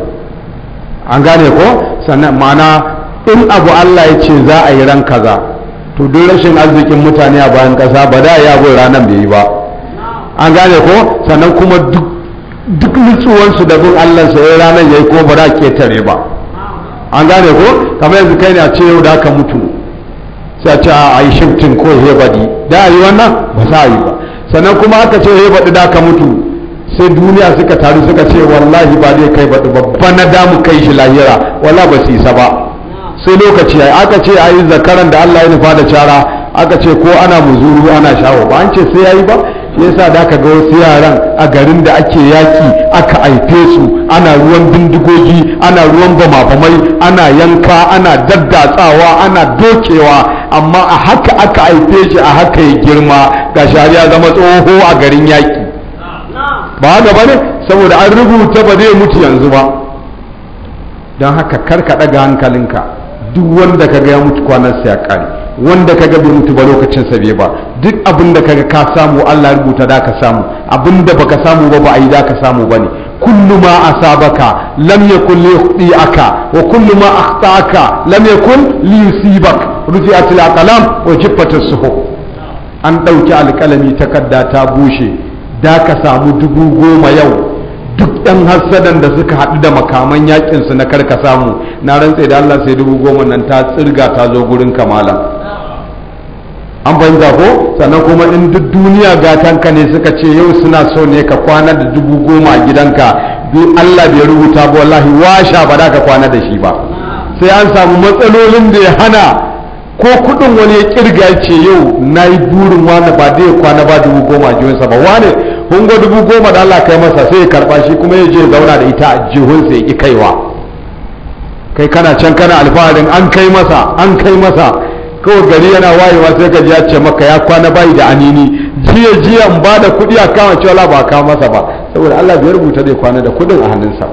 an gane ko sannan mana in abu Allah ya ce za a yi ran kaza to duk rashin arzikin mutane a bayan kasa ba da ya goyi ranar bai yi ba an gane ko sannan kuma duk nutsuwansu da bin Allah sa ya ranar ya yi ko ba da ketare ba an gane ko kamar yanzu kai ne a ce yau da aka mutu sai a ce a yi shifting ko hebadi da a yi wannan ba sa yi ba sannan kuma aka ce hebadi da aka mutu sai duniya suka taru suka ce wallahi ba zai kai baɗi babban na damu kai shi lahira wala ba su isa ba sai lokaci ya aka ce a yi zakaran da Allah ya nufa da cara aka ce ko ana muzuru ana shawo ba an ce sai ya yi ba yasa da aka ga wasu yaran a garin da ake yaki aka haife su ana ruwan bindigogi ana ruwan bamabamai ana yanka ana daddatsawa ana dokewa amma a haka aka haife shi a haka ya girma ga shari'a zama tsoho a garin yaki ba haka ba ne saboda an rubuta ba zai mutu yanzu ba don haka karka ɗaga hankalinka duk wanda ka ga ya mutu kwanarsa ya kare wanda ka ga bai mutu ba lokacin sa bai ba duk abin da ka ga ka samu Allah rubuta da ka samu abin da baka samu ba ba a yi da ka samu ba ne kullu ma asabaka lam yakul li yukhti'aka wa kullu ma akhta'aka lam yakul li yusibak ruji'atil aqlam wa jiffatus an ɗauki alƙalami takarda ta bushe da ka samu dubu goma yau duk ɗan hassadan da suka haɗu da makaman yaƙinsu na karka samu na rantse da Allah sai dubu goma nan ta tsirga ta zo gurin kamala an banza ko sannan kuma in duk duniya gatanka ne suka ce yau suna so ne ka kwana da dubu goma a gidanka duk Allah bai rubuta ba wallahi washa ba da ka kwana da shi ba sai an samu matsalolin da ya hana ko kudin wani ya kirga ce yau na yi burin wani ba da kwana ba dubu goma a jiwinsa ba wane hungo dubu goma da Allah kai masa sai ya karba shi kuma ya je zauna da ita a jihunsa ya ki kaiwa kai kana can kana alfaharin an kai masa an kai masa kawai gari yana wayewa sai ka ji ya ce maka ya kwana bai da anini jiya jiya in ba da kuɗi a kama cewa ba ka masa ba saboda Allah bai rubuta zai kwana da kuɗin a hannunsa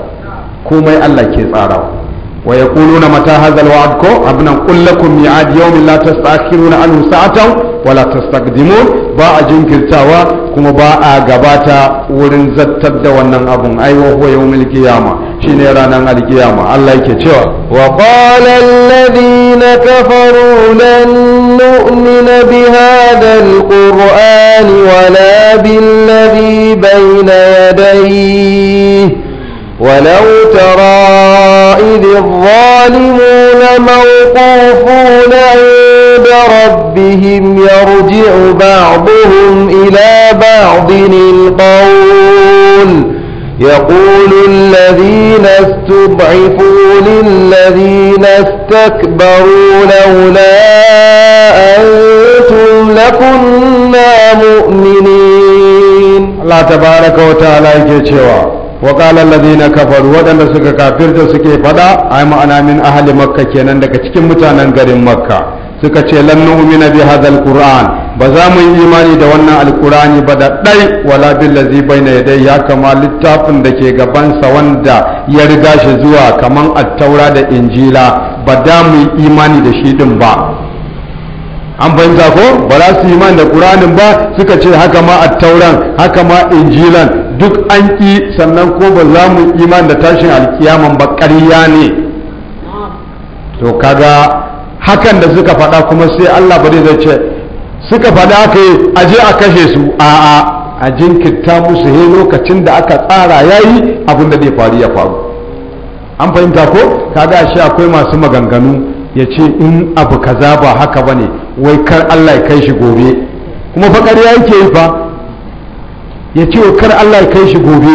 komai Allah ke tsara. tsarawa ويقولون متى هذا الوعد كو ابنا قل mi'ad ميعاد يوم لا تستأخرون عنه ساعة ولا تستقدمون ba a jinkirtawa kuma ba a gabata wurin zattar da wannan abun ai wa huwa yawmul qiyama shine ranan alkiyama Allah yake cewa wa qala alladhina kafaru lan nu'mina bi hadha alquran wa la bil ladhi bayna yadayhi ولو ترى إذ الظالمون موقوفون عند ربهم يرجع بعضهم إلى بعض القول يقول الذين استضعفوا للذين استكبروا لولا أنتم لكنا مؤمنين الله تبارك وتعالى يجيشوا وقال الذين كفروا ودن سكا كافر سكي فدا أي معنى من أهل مكة كينا لك تكي متانا مكة suka ce lan na bi hadhal qur'an ba za mu yi imani da wannan alqur'ani ba da dai wala billazi baina yadai ya kama littafin da ke gabansa wanda ya riga shi zuwa kaman taura da injila ba da mu yi imani da shi din ba an fahimta ko ba za su imani da qur'anin ba suka ce haka ma at-tauran haka ma injilan duk an ki sannan ko ba za mu imani da tashin alkiyaman ba ƙarya ne to kaga hakan da suka fada kuma sai Allah ba zai ce suka faɗa aka yi aje a kashe su a'a a jinkirta musu he lokacin da aka tsara yayi abin da bai faru ya faru an fahimta ko kaga shi akwai masu maganganu ya ce in abu kaza ba haka ba ne wai kar Allah ya kai shi gobe kuma fakar ya yake yi fa ya ce wa kar Allah ya kai shi gobe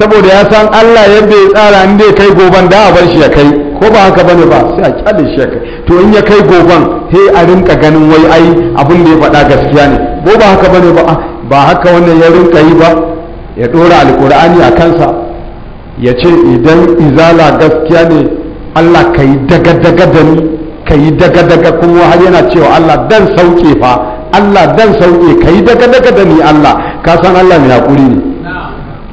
saboda ya san Allah yadda ya tsara inda ya kai goben da a bar shi ya kai ko ba haka bane ba sai a kyale shi to in ya kai goban sai a rinka ganin wai ai abin da ya faɗa gaskiya ne ko ba haka bane ba ah, ba haka wannan ya rinka yi ba ya ɗora alkur'ani a kansa ya ce idan izala gaskiya ne allah ka yi daga-daga da ni ka yi daga-daga kuma har yana cewa allah dan sauke fa allah dan sauke ka yi daga-daga da ni allah ka san allah mai hakuri ne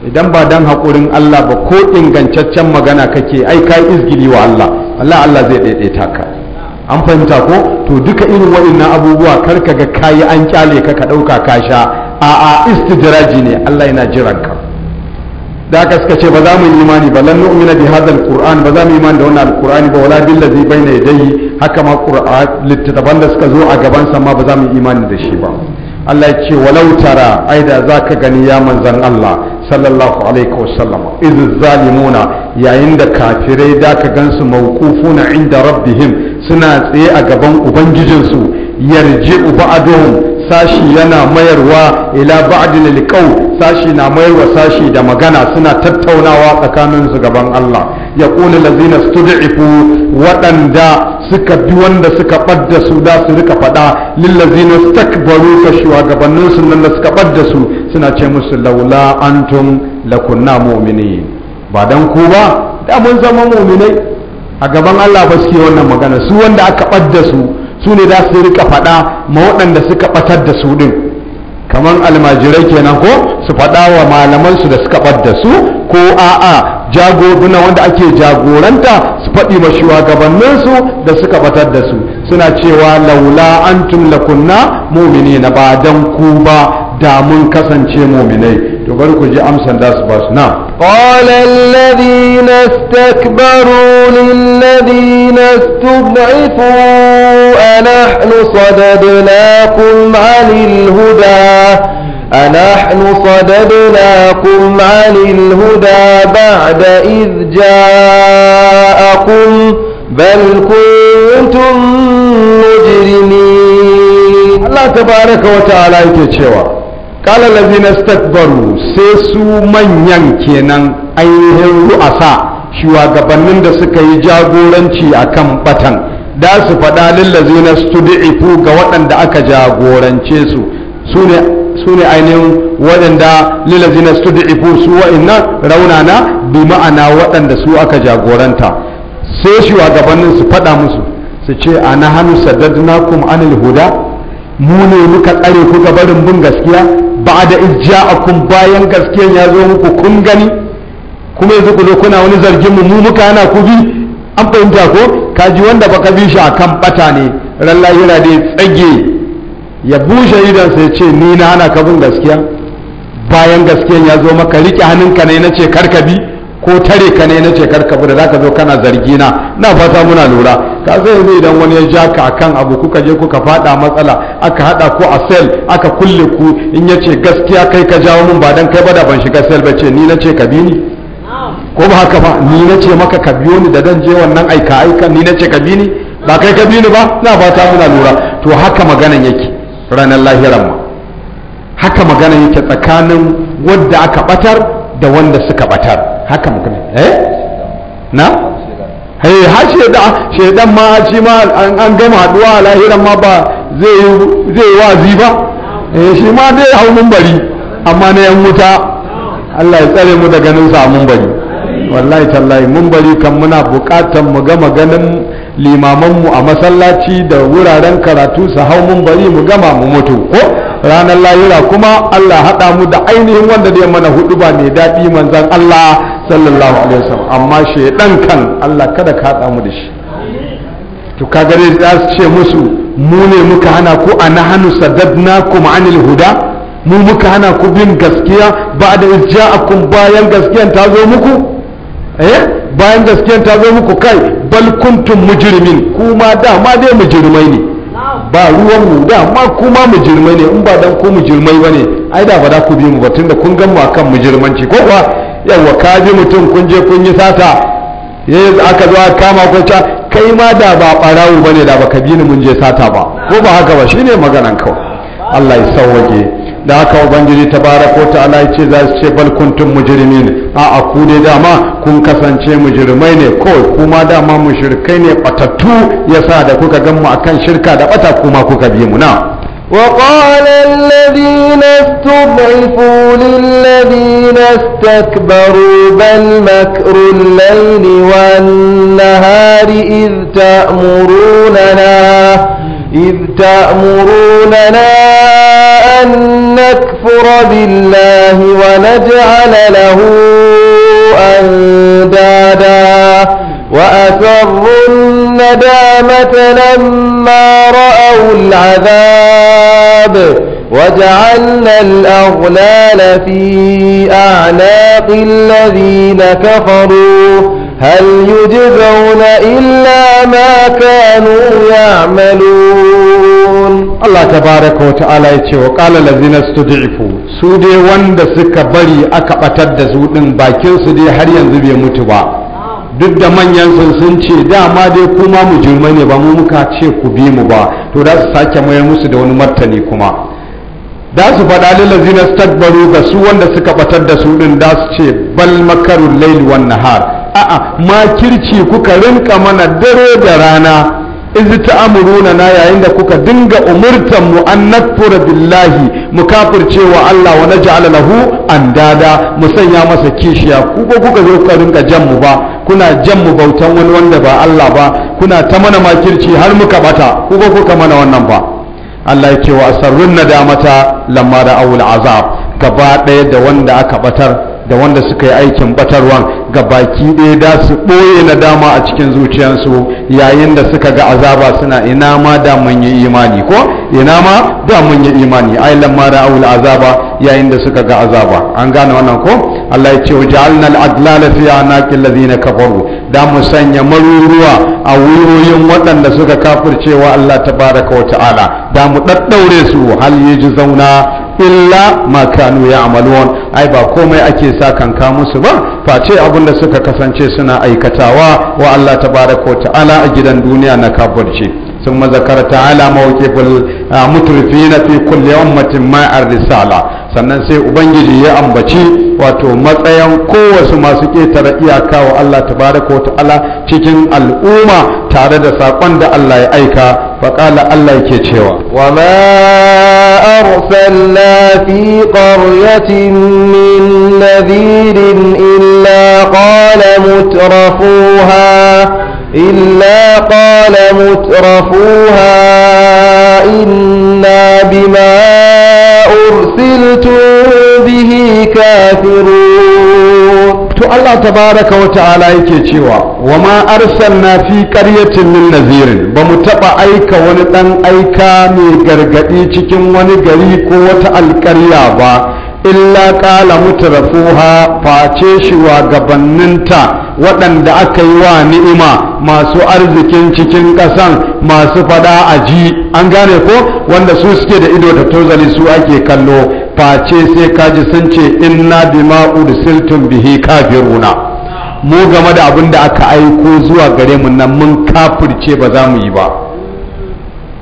idan ba dan haƙurin Allah ba ko ingantaccen magana kake ai kai izgili wa Allah Allah Allah zai daidaita ka an fahimta ko to duka irin waɗannan abubuwa kar ka ga kayi an kyale ka ka ɗauka ka sha a a istijraji ne Allah yana jiran ka da aka suka ce ba za mu imani ba lan nu'mina bi hadal qur'an ba za mu imani da wannan alqurani ba wala billazi baina yadayhi haka ma qur'an littattafan da suka zo a gaban sa ma ba za mu imani da shi ba Allah ya ce walau tara ai da za ka gani ya manzan Allah sallallahu alaihi wasallam iz zalimuna yayin da kafirai da ka gansu mawqufuna inda rabbihim suna tsaye a gaban ubangijinsu yarji'u ba'duhum sashi yana mayarwa ila ba'dil liqaw sashi na mayarwa sashi da magana suna tattaunawa tsakanin su gaban Allah ya qulu lazina stud'ifu waɗanda suka bi wanda suka badda su da su rika faɗa lillazina stakbaru ka gabanin su nan da suka badda su suna ce musu laula antum lakunna mu'mini ba dan ku ba da mun zama mu'minai a gaban Allah ba suke wannan magana su wanda aka badda su su ne za su rika faɗa ma waɗanda suka ɓatar da su ɗin kamar almajirai kenan ko su faɗa wa malamansu da suka ɓar da su ko a'a na wanda ake jagoranta su faɗi ma shugabanninsu da suka ɓatar da su suna cewa laula an antum lakunna na ba dan ku ba da mun kasance mu'minai تبركوا جي أمسا داس باس da نعم. قال الذين استكبروا للذين استضعفوا أنحن صددناكم عن الهدى أنحن صددناكم عن الهدى بعد إذ جاءكم بل كنتم مجرمين الله تبارك وتعالى يتشوى kala lazina stakbaru sai su manyan kenan ainihin ru'asa shugabannin da suka yi jagoranci a kan batan da su faɗa lillazina studi'ifu ga waɗanda aka jagorance su su ne ainihin waɗanda lillazina studi'ifu su wa'innan raunana bi ma'ana waɗanda su aka jagoranta sai shugabannin su faɗa musu su ce a na hannu kuma anil huda mu ne muka tsare ku ga barin bin gaskiya ba'da ijja'akum bayan gaskiyan ya zo muku kun gani kuma yanzu ku zo kuna wani zargin mu mu muka yana ku bi an fahimta ko kaji wanda baka bi shi akan bata ne ran lahira da tsage ya bushe idan sai ce ni na ana ka gaskiya bayan gaskiyan ya zo maka rike hannunka ne na ce karka bi ko tare ka ne na ce da za ka zo kana zargi na na fata muna lura ka zai yanzu idan wani ya ja ka akan abu kuka je kuka fada matsala aka hada ko a sel aka kulle ku in ya ce gaskiya kai ka jawo min ba dan kai ba da ban shiga sel ba ce ni na ce ka bi ni ko ba haka ba ni na ce maka ka biyo ni da dan je wannan aika aika ni na ce ka bi ni ba kai ka bi ni ba na fata muna lura to haka maganan yake ranar lahiran ma haka magana yake tsakanin wadda aka batar da wanda suka batar haka mutum eh na hey eh, ha shedan shedan ma shi ma an gama haduwa a lahiran ma ba zai zai wazi ba eh shi ma dai hau mun bari amma na yan wuta Allah ya tsare mu da ganin sa mun bari wallahi tallahi mun bari kan muna buƙatar mu gama ganin limamanmu a masallaci da wuraren karatu su hau mun bari mu gama mu mutu ko ranar layura kuma Allah haɗa mu da ainihin wanda zai mana hudu ba mai daɗi manzan Allah sallallahu alaihi wasallam amma shaidan kan Allah kada ka haɗa mu da shi to kaga gare za su ce musu mu ne muka hana ku ana hannu sadadnakum anil huda mu muka hana ku bin gaskiya ba da ja'akum bayan gaskiyan ta zo muku eh bayan gaskiyan ta zo muku kai bal kuntum mujrimin kuma da ma dai mujrimai ne ba ruwan mu da ma kuma mu jirmai ne in ba dan ko mu jirmai bane ai da ba za ku bi mu ba tunda kun gan mu akan mu jirmanci ko kuwa yawa ka bi mutum kun je kun yi sata ya yi aka zo aka kama ko ta kai ma da ba barawo bane da baka bi ni mun je sata ba ko ba haka ba shine maganan kawai Allah ya sauwake da haka ubangiji barako ta'ala ce za su ce balkuntun kuntum ne a a ku dai dama kun kasance mujirmai ne ko kuma dama mu shirkai ne batattu yasa da kuka gan mu akan shirka da bata kuma kuka bi mu na وقال الذين استضعفوا للذين استكبروا بل مكر الليل والنهار إذ تأمروننا إذ تأمروننا أن نكفر بالله ونجعل له أندادا وأسروا الندامة لما رأوا العذاب وجعلنا الأغلال في أعناق الذين كفروا هل يجزون إلا ما كانوا يعملون Allah ta baraka wa ta'ala ya ce wa qala su stud'ifu su dai wanda suka bari aka ɓatar da su ɗin bakin su dai har yanzu bai mutu ba duk da manyan sun sun ce dama dai kuma mu jirma ne ba mu muka ce ku bi mu ba to da su sake mayar musu da wani martani kuma da su faɗa lillazina baro ga su wanda suka batar da su ɗin da su ce bal makarun laili wan har a'a makirci kuka rinka mana dare da rana iz ta'amuruna na yayin da kuka dinga umurtan mu an nakfura billahi mu wa Allah wa lahu andada mu sanya masa kishiya ku ko kuka zo kuka dinga jan mu ba kuna jan mu bautan wani wanda ba Allah ba kuna ta mana makirci har muka bata ku ko kuka mana wannan ba Allah ya ce wa asarrun nadamata lamma da awul azab gaba ɗaya da wanda aka batar da wanda suka yi aikin batarwan baki ɗaya da su ɓoye na dama a cikin zuciyarsu yayin da suka ga azaba suna ina ma da mun yi imani ko ina ma da mun yi imani ai lamma ra'ul azaba yayin da suka ga azaba an gane wannan ko Allah ya ce wa ja'alna al-adlala fi anaqil ladina kafaru da mu sanya maruruwa a wuyoyin waɗanda suka kafircewa Allah tabaraka wa ta'ala da mu daddaure su hal zauna illa ma kanu ya'malun ai ba komai ake sa kanka musu ba face abin da suka kasance suna aikatawa wa Allah tabaraka wa ta'ala a gidan duniya na kafirci ثم ذكر تعالى موقف المترفين في كل أمة مع risala sannan sai ubangiji ya ambaci wato matsayin kowasu masu ƙetare iyaka wa Allah tabaraka wa ta'ala cikin al'umma tare da saƙon da Allah ya aika faƙala Allah ke cewa wa ma arsalna fi qaryatin min nadhirin illa qala mutrafuha Illa قال مترفوها إنا bima أرسلتم bihi كافرون to Allah tabaraka wa ta'ala yake cewa wa ma arsalna fi qaryatin min nazirin ba mu taba aika wani dan aika mai gargadi cikin wani gari ko wata alƙarya ba illa qala mutrafuha face shi wa gabanninta waɗanda aka yi wa ni'ima masu arzikin cikin ƙasan masu fada a ji an gane ko wanda su suke da ido da tozali su ake kallo face sai kaji sun ce inna bima udsiltum bihi kafiruna mu game da abin da aka aiko zuwa gare mu nan mun kafirce ba za mu yi ba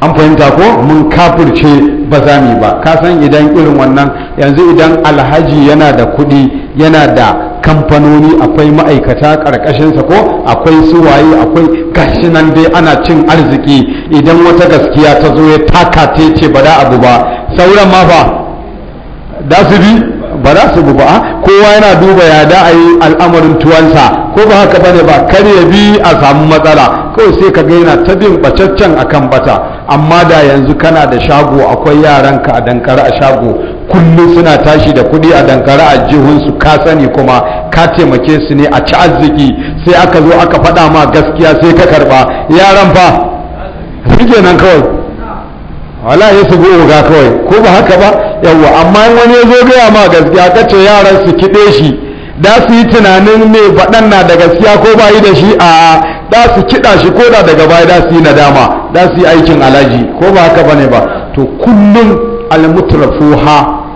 an fahimta ko mun kafirce ba za mu yi ba ka san idan irin wannan yanzu idan alhaji yana da kuɗi yana da kamfanoni akwai ma'aikata ƙarƙashinsa ko akwai suwaye akwai gashi nan dai ana cin arziki idan wata gaskiya ta zo ya taka ce ba da abu ba sauran ma ba da su bi ba za su bugu a ah, kowa yana duba ya da a yi al'amarin tuwansa ko ba haka bane ba kar ya bi a samu matsala kawai sai ka ga yana ta bin bacaccen akan bata amma da yanzu kana da shago akwai yaranka a dankare a shago kullum suna tashi da kuɗi a dankare a jihunsu ka sani kuma ka taimake su ne a ci arziki sai aka zo aka faɗa ma gaskiya sai ka karɓa yaran fa shi kenan kawai wala ya su ga kawai ko ba haka ba yawa amma in wani ya zo gaya ma gaskiya ka yaran su kiɗe shi da su yi tunanin me faɗan na da gaskiya ko ba yi da shi a da su kiɗa shi ko da daga baya da su yi nadama da su yi aikin alaji ko ba haka ba ne ba to kullum almutrafuha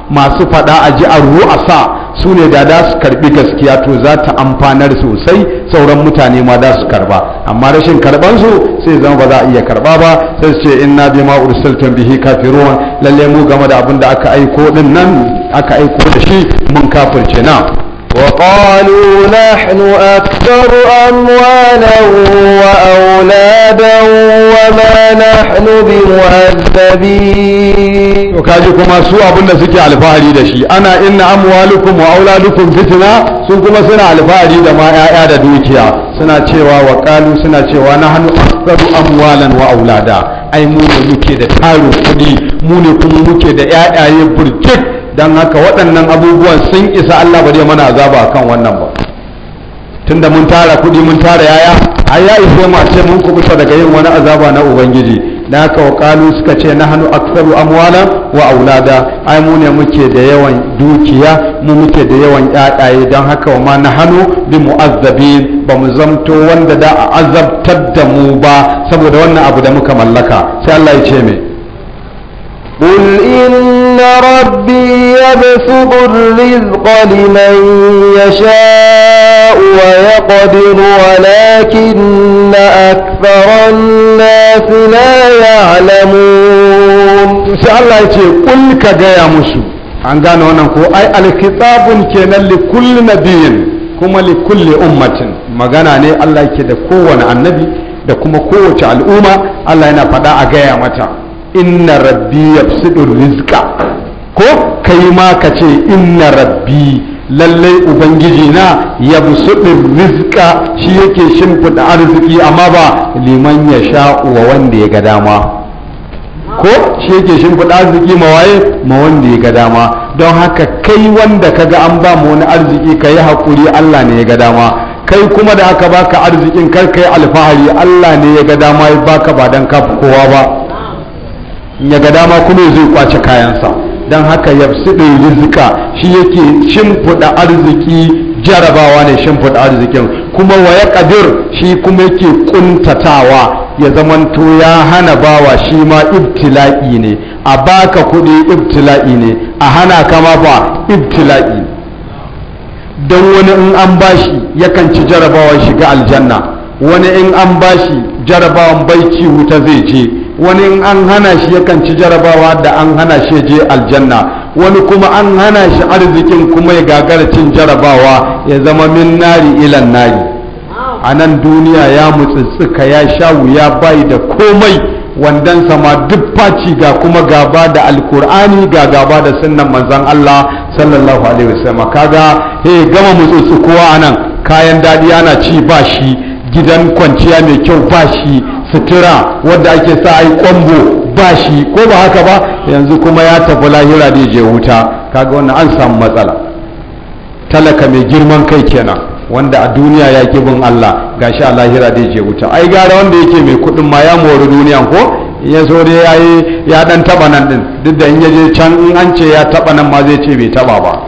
masu faɗa a ji a sa. su ne da za su karbi gaskiya to za ta amfanar sosai sauran mutane ma za su karba amma rashin karban su sai zama ba za a iya karba ba sai su ce inna ma ursiltum bihi kafirun lalle mu game da abin da aka aiko din nan aka aiko da shi mun kafirce na وقالوا نحن أكثر أموالا وأولادا وما نحن بمعذبين وكاجكما سوء أبونا سكي على فهري دشي أنا إن أموالكم وأولادكم فتنة سنكما سنة على فهري دما إعادة دوكيا سنة شوى وقالوا سنة شوى نحن أكثر أموالا وأولادا أي مو muke da tarin kuɗi mu ne kuma muke da 'ya'yaye burtik don haka waɗannan abubuwan sun isa Allah bari mana azaba kan wannan ba tunda mun tara kuɗi mun tara yaya ai ya isa mu ce mun kubuta daga yin wani azaba na ubangiji da haka wa suka ce na nahnu aktsaru amwala wa aulada ai mu ne muke da yawan dukiya mu muke da yawan ƴaƴaye don haka wa ma nahnu bi mu'azzabin ba mu zamto wanda da a azabtar da mu ba saboda wannan abu da muka mallaka sai Allah ya ce mai قل إن ربي يبسط الرزق لمن يشاء ويقدر ولكن أكثر الناس لا يعلمون إن شاء الله يقول قل كجايا مشو عن قال ونكو أي الكتاب كان لكل نبي كما لكل أمة ما magana ne Allah yake da kowane annabi da kuma kowace al'umma Allah yana faɗa a gaya mata inna rabbi yabsudur rizqa ko kai ma ka ce inna rabbi lallai ubangiji na yabsudur rizqa shi yake shimfida arziki amma ba liman ya sha wa wanda ya ga dama ko shi yake shimfiɗa arziki ma waye ma wanda ya ga dama don haka kai wanda ka ga an ba mu wani arziki ka yi haƙuri Allah ne ya ga dama kai kuma da aka baka arzikin kar ka alfahari Allah ne ya ga dama ya baka ba dan ka kowa ba ya ga dama kuma zai kwace kayansa don haka ya siɗin rizika shi yake shimfiɗa arziki jarabawa ne shimfiɗa arzikin kuma waya ƙadir shi kuma yake ƙuntatawa ya zamanto ya hana bawa shi ma ibtila'i ne a baka kuɗi ibtila'i ne a hana kama ba ibtila'i don wani in an bashi yakan ci jarabawa shiga aljanna wani in an bashi jarabawan baiki wuta zai je wani in an hana shi yakan ci jarabawa da an hana shi je aljanna wani kuma an hana shi arzikin kuma ya gagara cin jarabawa ya zama min nari ilan nari a nan duniya ya mutsitsika ya sha wuya bai da komai wandan sama duk faci ga kuma gaba da alkur'ani ga gaba da sunnan manzon Allah sallallahu alaihi wasallam kaga he eh, gama mutsitsikuwa anan kayan dadi ana ci ba shi gidan kwanciya mai kyau ba shi sutura wadda ake sa ai kwambo ba shi ko ba haka ba yanzu kuma ya tafi lahira da je wuta kaga wannan an samu matsala talaka mai girman kai kenan wanda a duniya ya ki bin Allah gashi a lahira da je wuta ai gara wanda yake mai kudin ma ya mori duniya ko ya so dai ya yi ya dan taba nan din duk da in yaje can in an ce ya taba nan ma zai ce bai taba ba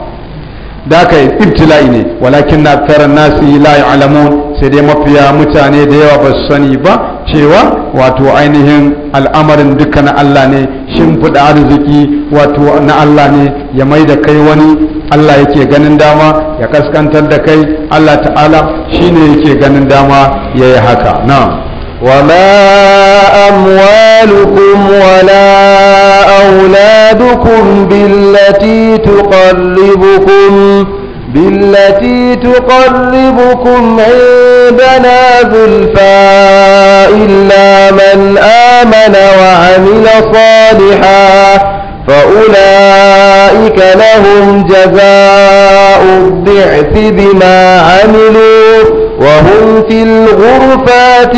da ka ibtila'i ne walakin na taron nasi la alamu sai dai mafiya mutane da yawa ba su sani ba cewa wato ainihin al'amarin duka na Allah ne shimfiɗa arziki wato na Allah ne ya mai da kai wani Allah yake ganin dama ya kaskantar da kai Allah ta'ala shi shine yake ganin dama ya yi haka na'am وما أموالكم ولا أولادكم بالتي تقربكم بالتي تقربكم عندنا زلفى إلا من آمن وعمل صالحا فأولئك لهم جزاء الضعف بما عملوا وهم في الغرفات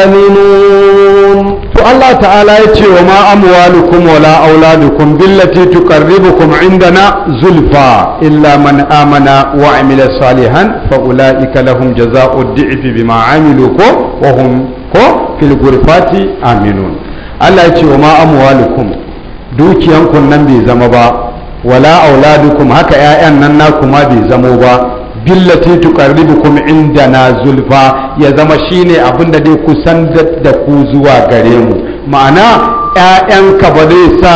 آمنون فالله تعالى يتي وما أموالكم ولا أولادكم بالتي تقربكم عندنا زلفى إلا من آمن وعمل صالحا فأولئك لهم جزاء الضعف بما عملوا وهم في الغرفات آمنون Allah ya ce wa ma amwalukum dukiyanku nan bai zama ba wala auladukum haka 'ya'yan nan naku ma bai zamo ba billati tuqarribukum indana zulfa ya zama shine abinda da dai kusan da ku zuwa gare mu ma'ana ƴaƴanka ba zai sa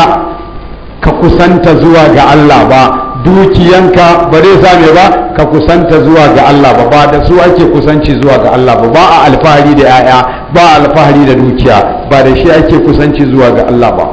ka kusanta zuwa ga Allah ba dukiyanka ba zai sa me ba ka kusanta zuwa ga Allah ba ba da su ake kusanci zuwa ga Allah ba ba a alfahari da ƴaƴa ba alfahari da dukiya ba da shi ake kusanci zuwa ga Allah ba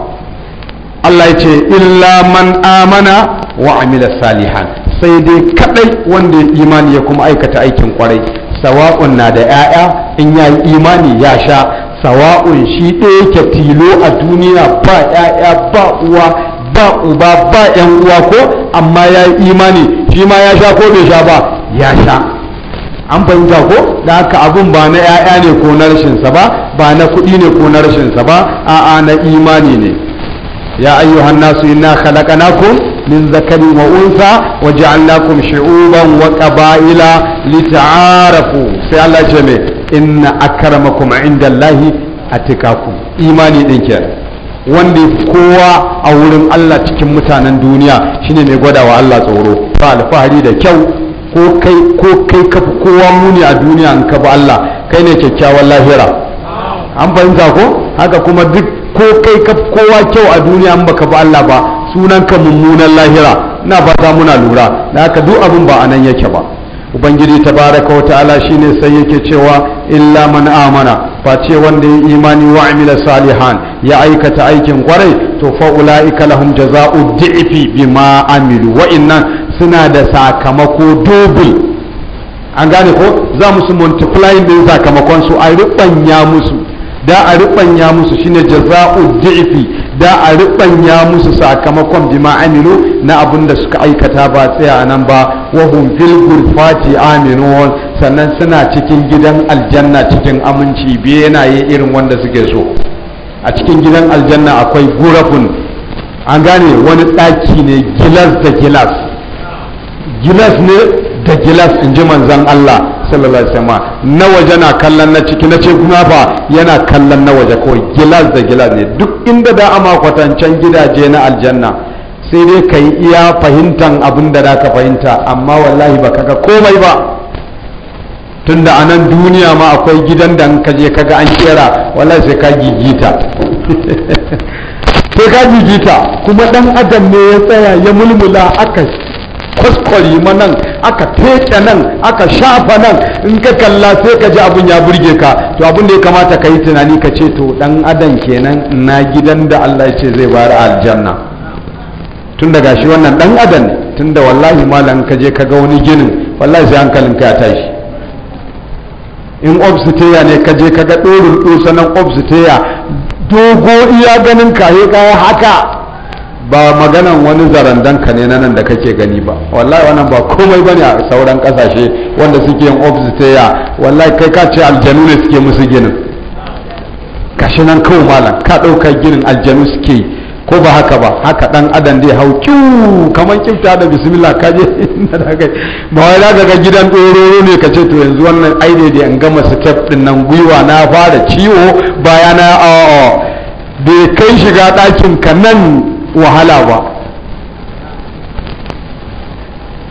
Allah ya ce illa man amana wa amila salihan sai dai kadai wanda ya imani ya kuma aikata aikin kwarai sawa'un na da 'ya'ya in ya yi imani ya sha sawa'un shi ɗaya ke tilo a duniya ba 'ya'ya ba uwa ba uba ba 'yan uwa ko amma ya yi imani shi ma ya sha ko bai sha ba ya sha an fahimta ko da haka abun ba na 'ya'ya ne ko na rashinsa ba ba na kuɗi ne ko na rashinsa ba a'a na imani ne ya ayyuhan nasu inna khalaqnakum min zakari وأنثى وجعلناكم شعوبا وقبائل لتعارفوا wa الله جميع sai Allah عند الله أتكاكم إيماني دينك atikakum imani din wanda kowa a wurin Allah cikin mutanen duniya shine mai gwada wa Allah tsoro ba alfahari da kyau ko kai ko kai ka kowa muni a duniya in ka bi Allah kai ne kyakkyawan lahira an fahimta ko haka kuma duk ko kai ka kowa kyau a duniya in baka bi Allah ba sunan ka mummunan lahira na fata muna lura da haka duk abin ba a nan yake ba ubangiji tabaraka wa ta'ala shine sai yake cewa illa man amana ce wanda ya imani wa amila salihan ya aikata aikin kwarai to fa ulaika lahum jazaa'u dhi'fi bima amilu wa innan suna da sakamako dubul an gane ko za musu multiply din sakamakon su a rubanya musu da a rubanya musu shine jaza'u dhi'fi da a ya musu sakamakon bima aminu na abin da suka aikata ba tsaya nan ba wa hum gurfati aminu sannan suna cikin gidan aljanna cikin aminci biye yi irin wanda suke so a cikin gidan aljanna akwai gurafin an gane wani ɗaki ne gilas da gilas gilas ne da gilas in ji manzon Allah sallallahu alaihi na waje na kallon na ciki na ce kuma fa yana kallon na waje ko gilas da gilas ne duk inda da ama kwatancan gidaje na aljanna sai dai ka yi iya fahimtan abin da ka fahimta amma wallahi ba kaga komai ba tunda a nan duniya ma akwai gidan da ka je kaga an kera wallahi sai ka gigita sai ka gigita kuma dan adam ne ya tsaya ya mulmula aka kwaskwari manan aka tece nan aka shafa nan in ka kalla sai ka ji abin ya burge ka to abin da ya kamata ka yi tunani ka ce to dan adam kenan na gidan da Allah ya ce zai bayar aljanna tun da gashi wannan dan adam tun da wallahi malam ka je ka ga wani ginin wallahi sai hankalin ka ya tashi in obsteteya ne ka je ka ga dorin ɗosa nan dogo iya ganin kaye kaya haka ba maganan wani zarandanka ne na nan da kake gani ba wallahi wannan ba komai bane a sauran kasashe wanda suke yin obsteya wallahi kai ka ce aljanu ne suke musu ginin kashi nan kawo malam ka ɗauka ginin aljanu suke ko ba haka ba haka dan adam dai hau kiu kamar kifta da bismillah ka je kai ba wai za ga gidan ɗororo ne ka ce to yanzu wannan ai da an gama step din nan gwiwa na fara ciwo bayana a bai kai shiga ɗakin ka nan wahala ba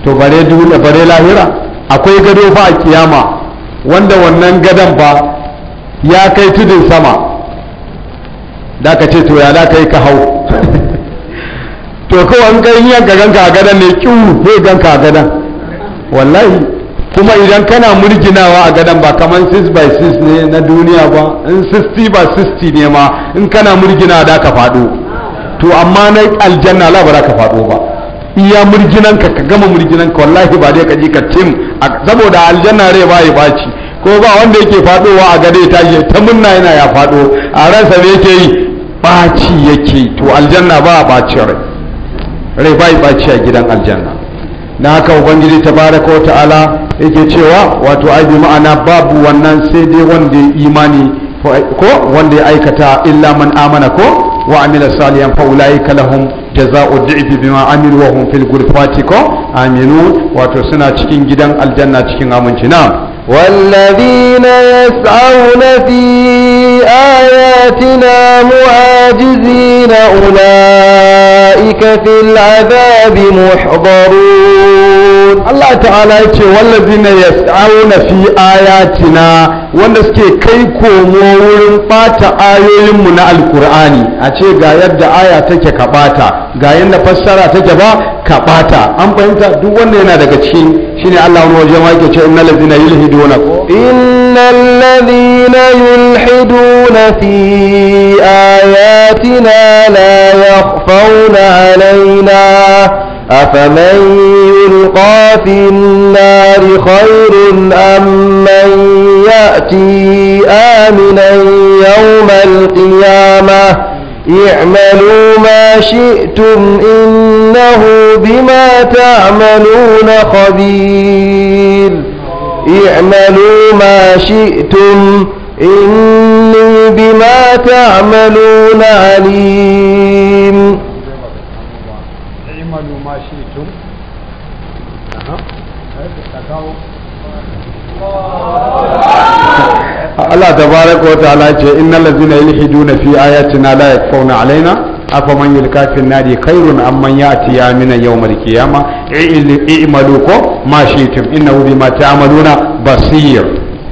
to bare duniya bare lahira akwai gado fa a kiyama wanda wannan gadon ba ya kai tudun sama da ka ce to ya da ka yi ka hau to kawai an kai yanka ganka a gadon ne kiwu zai ganka a gadon wallahi kuma idan kana murginawa a gadon ba kamar 6 by 6 ne na duniya ba in 60 by 60 ne ma in kana murgina da ka faɗo to amma na aljanna la ba ka faɗo ba iya murjinan ka gama ka wallahi ba dai ka ji ka tim saboda aljanna rai ba baci ko ba wanda yake faɗowa a gare ta je ta munna yana ya faɗo a ransa ne yake yi baci yake to aljanna ba a baci rai rai ba baci a gidan aljanna na haka ubangiji tabaraka wa ta'ala yake cewa wato ai bi ma'ana babu wannan sai dai wanda ya imani ko wanda ya aikata illa man amana ko وعمل صالحا فأولئك لهم جزاء الضعف بما عملوا وهم في الغرفات آمنون وتسنى تشكين جدا الجنة تشكين آمنتنا والذين يسعون في آياتنا معاجزين أولئك أولئك في Ta'ala ya الله تعالى يقول والذين يسعون في آياتنا wanda suke kai komo wurin ɓata ayoyinmu na alkur'ani a ce ga yadda aya take kaɓata, ɓata ga yadda fassara take ba kaɓata. an fahimta duk wanda yana daga cikin shine Allah wani waje ma yake ce innal ladina yulhiduna ko innal ladina yulhiduna fi ayati آياتنا لا يخفون علينا أفمن يلقى في النار خير أم من يأتي آمنا يوم القيامة اعملوا ما شئتم إنه بما تعملون خبير اعملوا ما شئتم إني بما تعملون عليم اعملوا ما شئتم Allah tabaraka wa ta'ala ce innal ladzina yulhiduna fi ayatina la yakfawna alaina afaman yulka fi nari khairun amman yati yamina yawmal qiyamah i'malu ko ma shi'tum innahu bima ta'maluna basir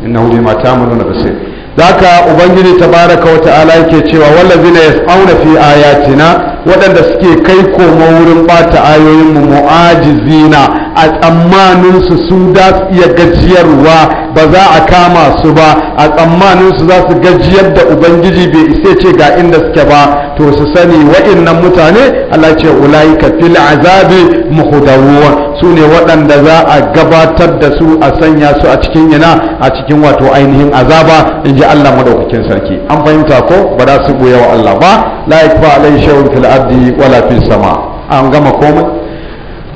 innahu bima ta'maluna basir zaka ubangiji tabaraka wa ta'ala yake cewa wallazina yas'auna fi ayatina waɗanda suke kai komo wurin bata ayoyin mu mu'ajizina a tsammaninsu su da su iya gajiyarwa ba za a kama su ba a tsammaninsu za su gajiyar da ubangiji bai isa ce ga inda suke ba to su sani wa'innan mutane Allah ce ka fil azabi muhdawun su ne waɗanda za a gabatar da su a sanya su a cikin ina a cikin wato ainihin azaba in ji Allah madaukakin sarki an fahimta ko ba za su goya wa Allah ba la yakfa alai shawun fil ardi wala fis sama an gama komai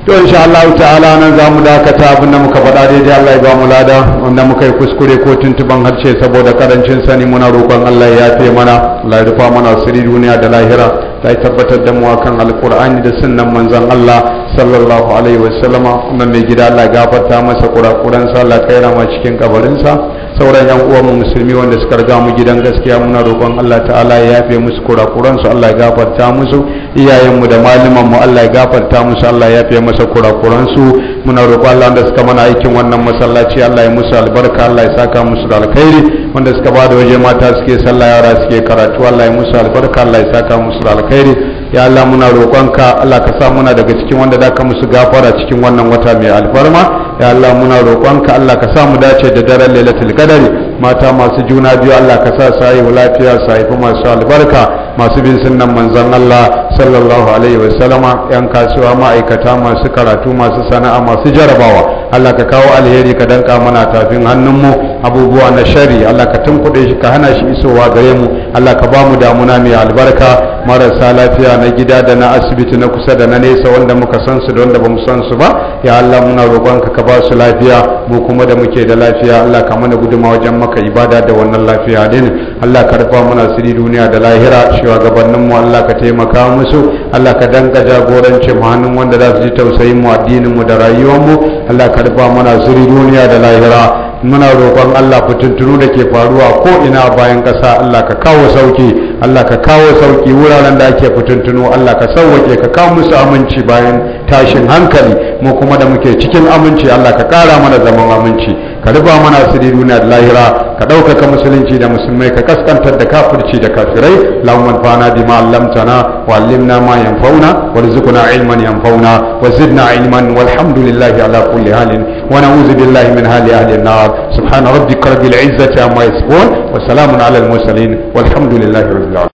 to insha Allah ta'ala nan za mu dakata abin da muka faɗa daidai Allah ya ba mu lada wanda muka yi kuskure ko tuntuban harshe saboda karancin sani muna roƙon Allah ya yafe mana Allah ya rufa mana asiri duniya da lahira ta yi tabbatar da mu akan alƙur'ani da sunnan manzon Allah sallallahu alaihi wasallama kuma mai gida Allah ya gafarta masa kurakuransa Allah ya kaira ma cikin kabarinsa sauran yan uwanmu musulmi wanda suka riga mu gidan gaskiya muna roƙon Allah ta'ala ya yafe musu kurakuran su Allah ya gafarta musu iyayenmu da malaman mu Allah ya gafarta musu Allah ya yafe masa kurakuran su muna roƙon Allah da suka mana aikin wannan masallaci Allah ya musu albarka Allah ya saka musu da alkhairi wanda suka bada waje mata suke sallah yara suke karatu Allah ya musu albarka Allah ya saka musu da alkhairi ya Allah muna roƙonka Allah ka sa muna daga cikin wanda za ka musu gafara cikin wannan wata mai alfarma ya Allah muna roƙonka Allah ka sa mu dace da daren lailatul qadari mata masu juna biyu Allah ka sa su haihu lafiya su haifi masu albarka masu bin sunnan manzon Allah sallallahu alaihi wasallama yan kasuwa ma'aikata masu karatu masu sana'a masu jarabawa Allah ka kawo alheri ka danka mana tafin hannunmu abubuwa na shari Allah ka tunkuɗe shi ka hana shi isowa gare mu Allah ka ba mu damuna mai albarka marasa lafiya na gida da na asibiti na kusa da na nesa wanda muka san su da wanda ba mu san su ba ya Allah muna roƙonka ka ba su lafiya mu kuma da muke da lafiya Allah ka mana guduma wajen maka ibada da wannan lafiya din Allah ka rufa mana siri duniya da lahira shugabannin mu Allah ka taimaka musu Allah ka danga jagoranci mu wanda za su ji tausayin mu addinin mu da rayuwar mu Allah ka rufa mana sirri duniya da lahira muna roƙon Allah fitintunu da ke faruwa ko ina bayan ƙasa Allah ka kawo sauki Allah ka kawo sauki wuraren da ake fitintunu Allah ka sauwake ka kawo musu aminci bayan tashin hankali mu kuma da muke cikin aminci Allah ka kara mana zaman aminci ka rufa mana asiri duniya da lahira ka ɗaukaka musulunci da musulmai ka kaskantar da kafirci da kafirai lahumma fana bima allamtana wa allimna ma yanfa'una warzuqna ilman yanfa'una wa zidna ilman walhamdulillahi ala kulli halin wa na'udzu billahi min hali ahli an-nar subhana rabbika rabbil izzati amma yasifun wa salamun ala al-mursalin walhamdulillahi rabbil alamin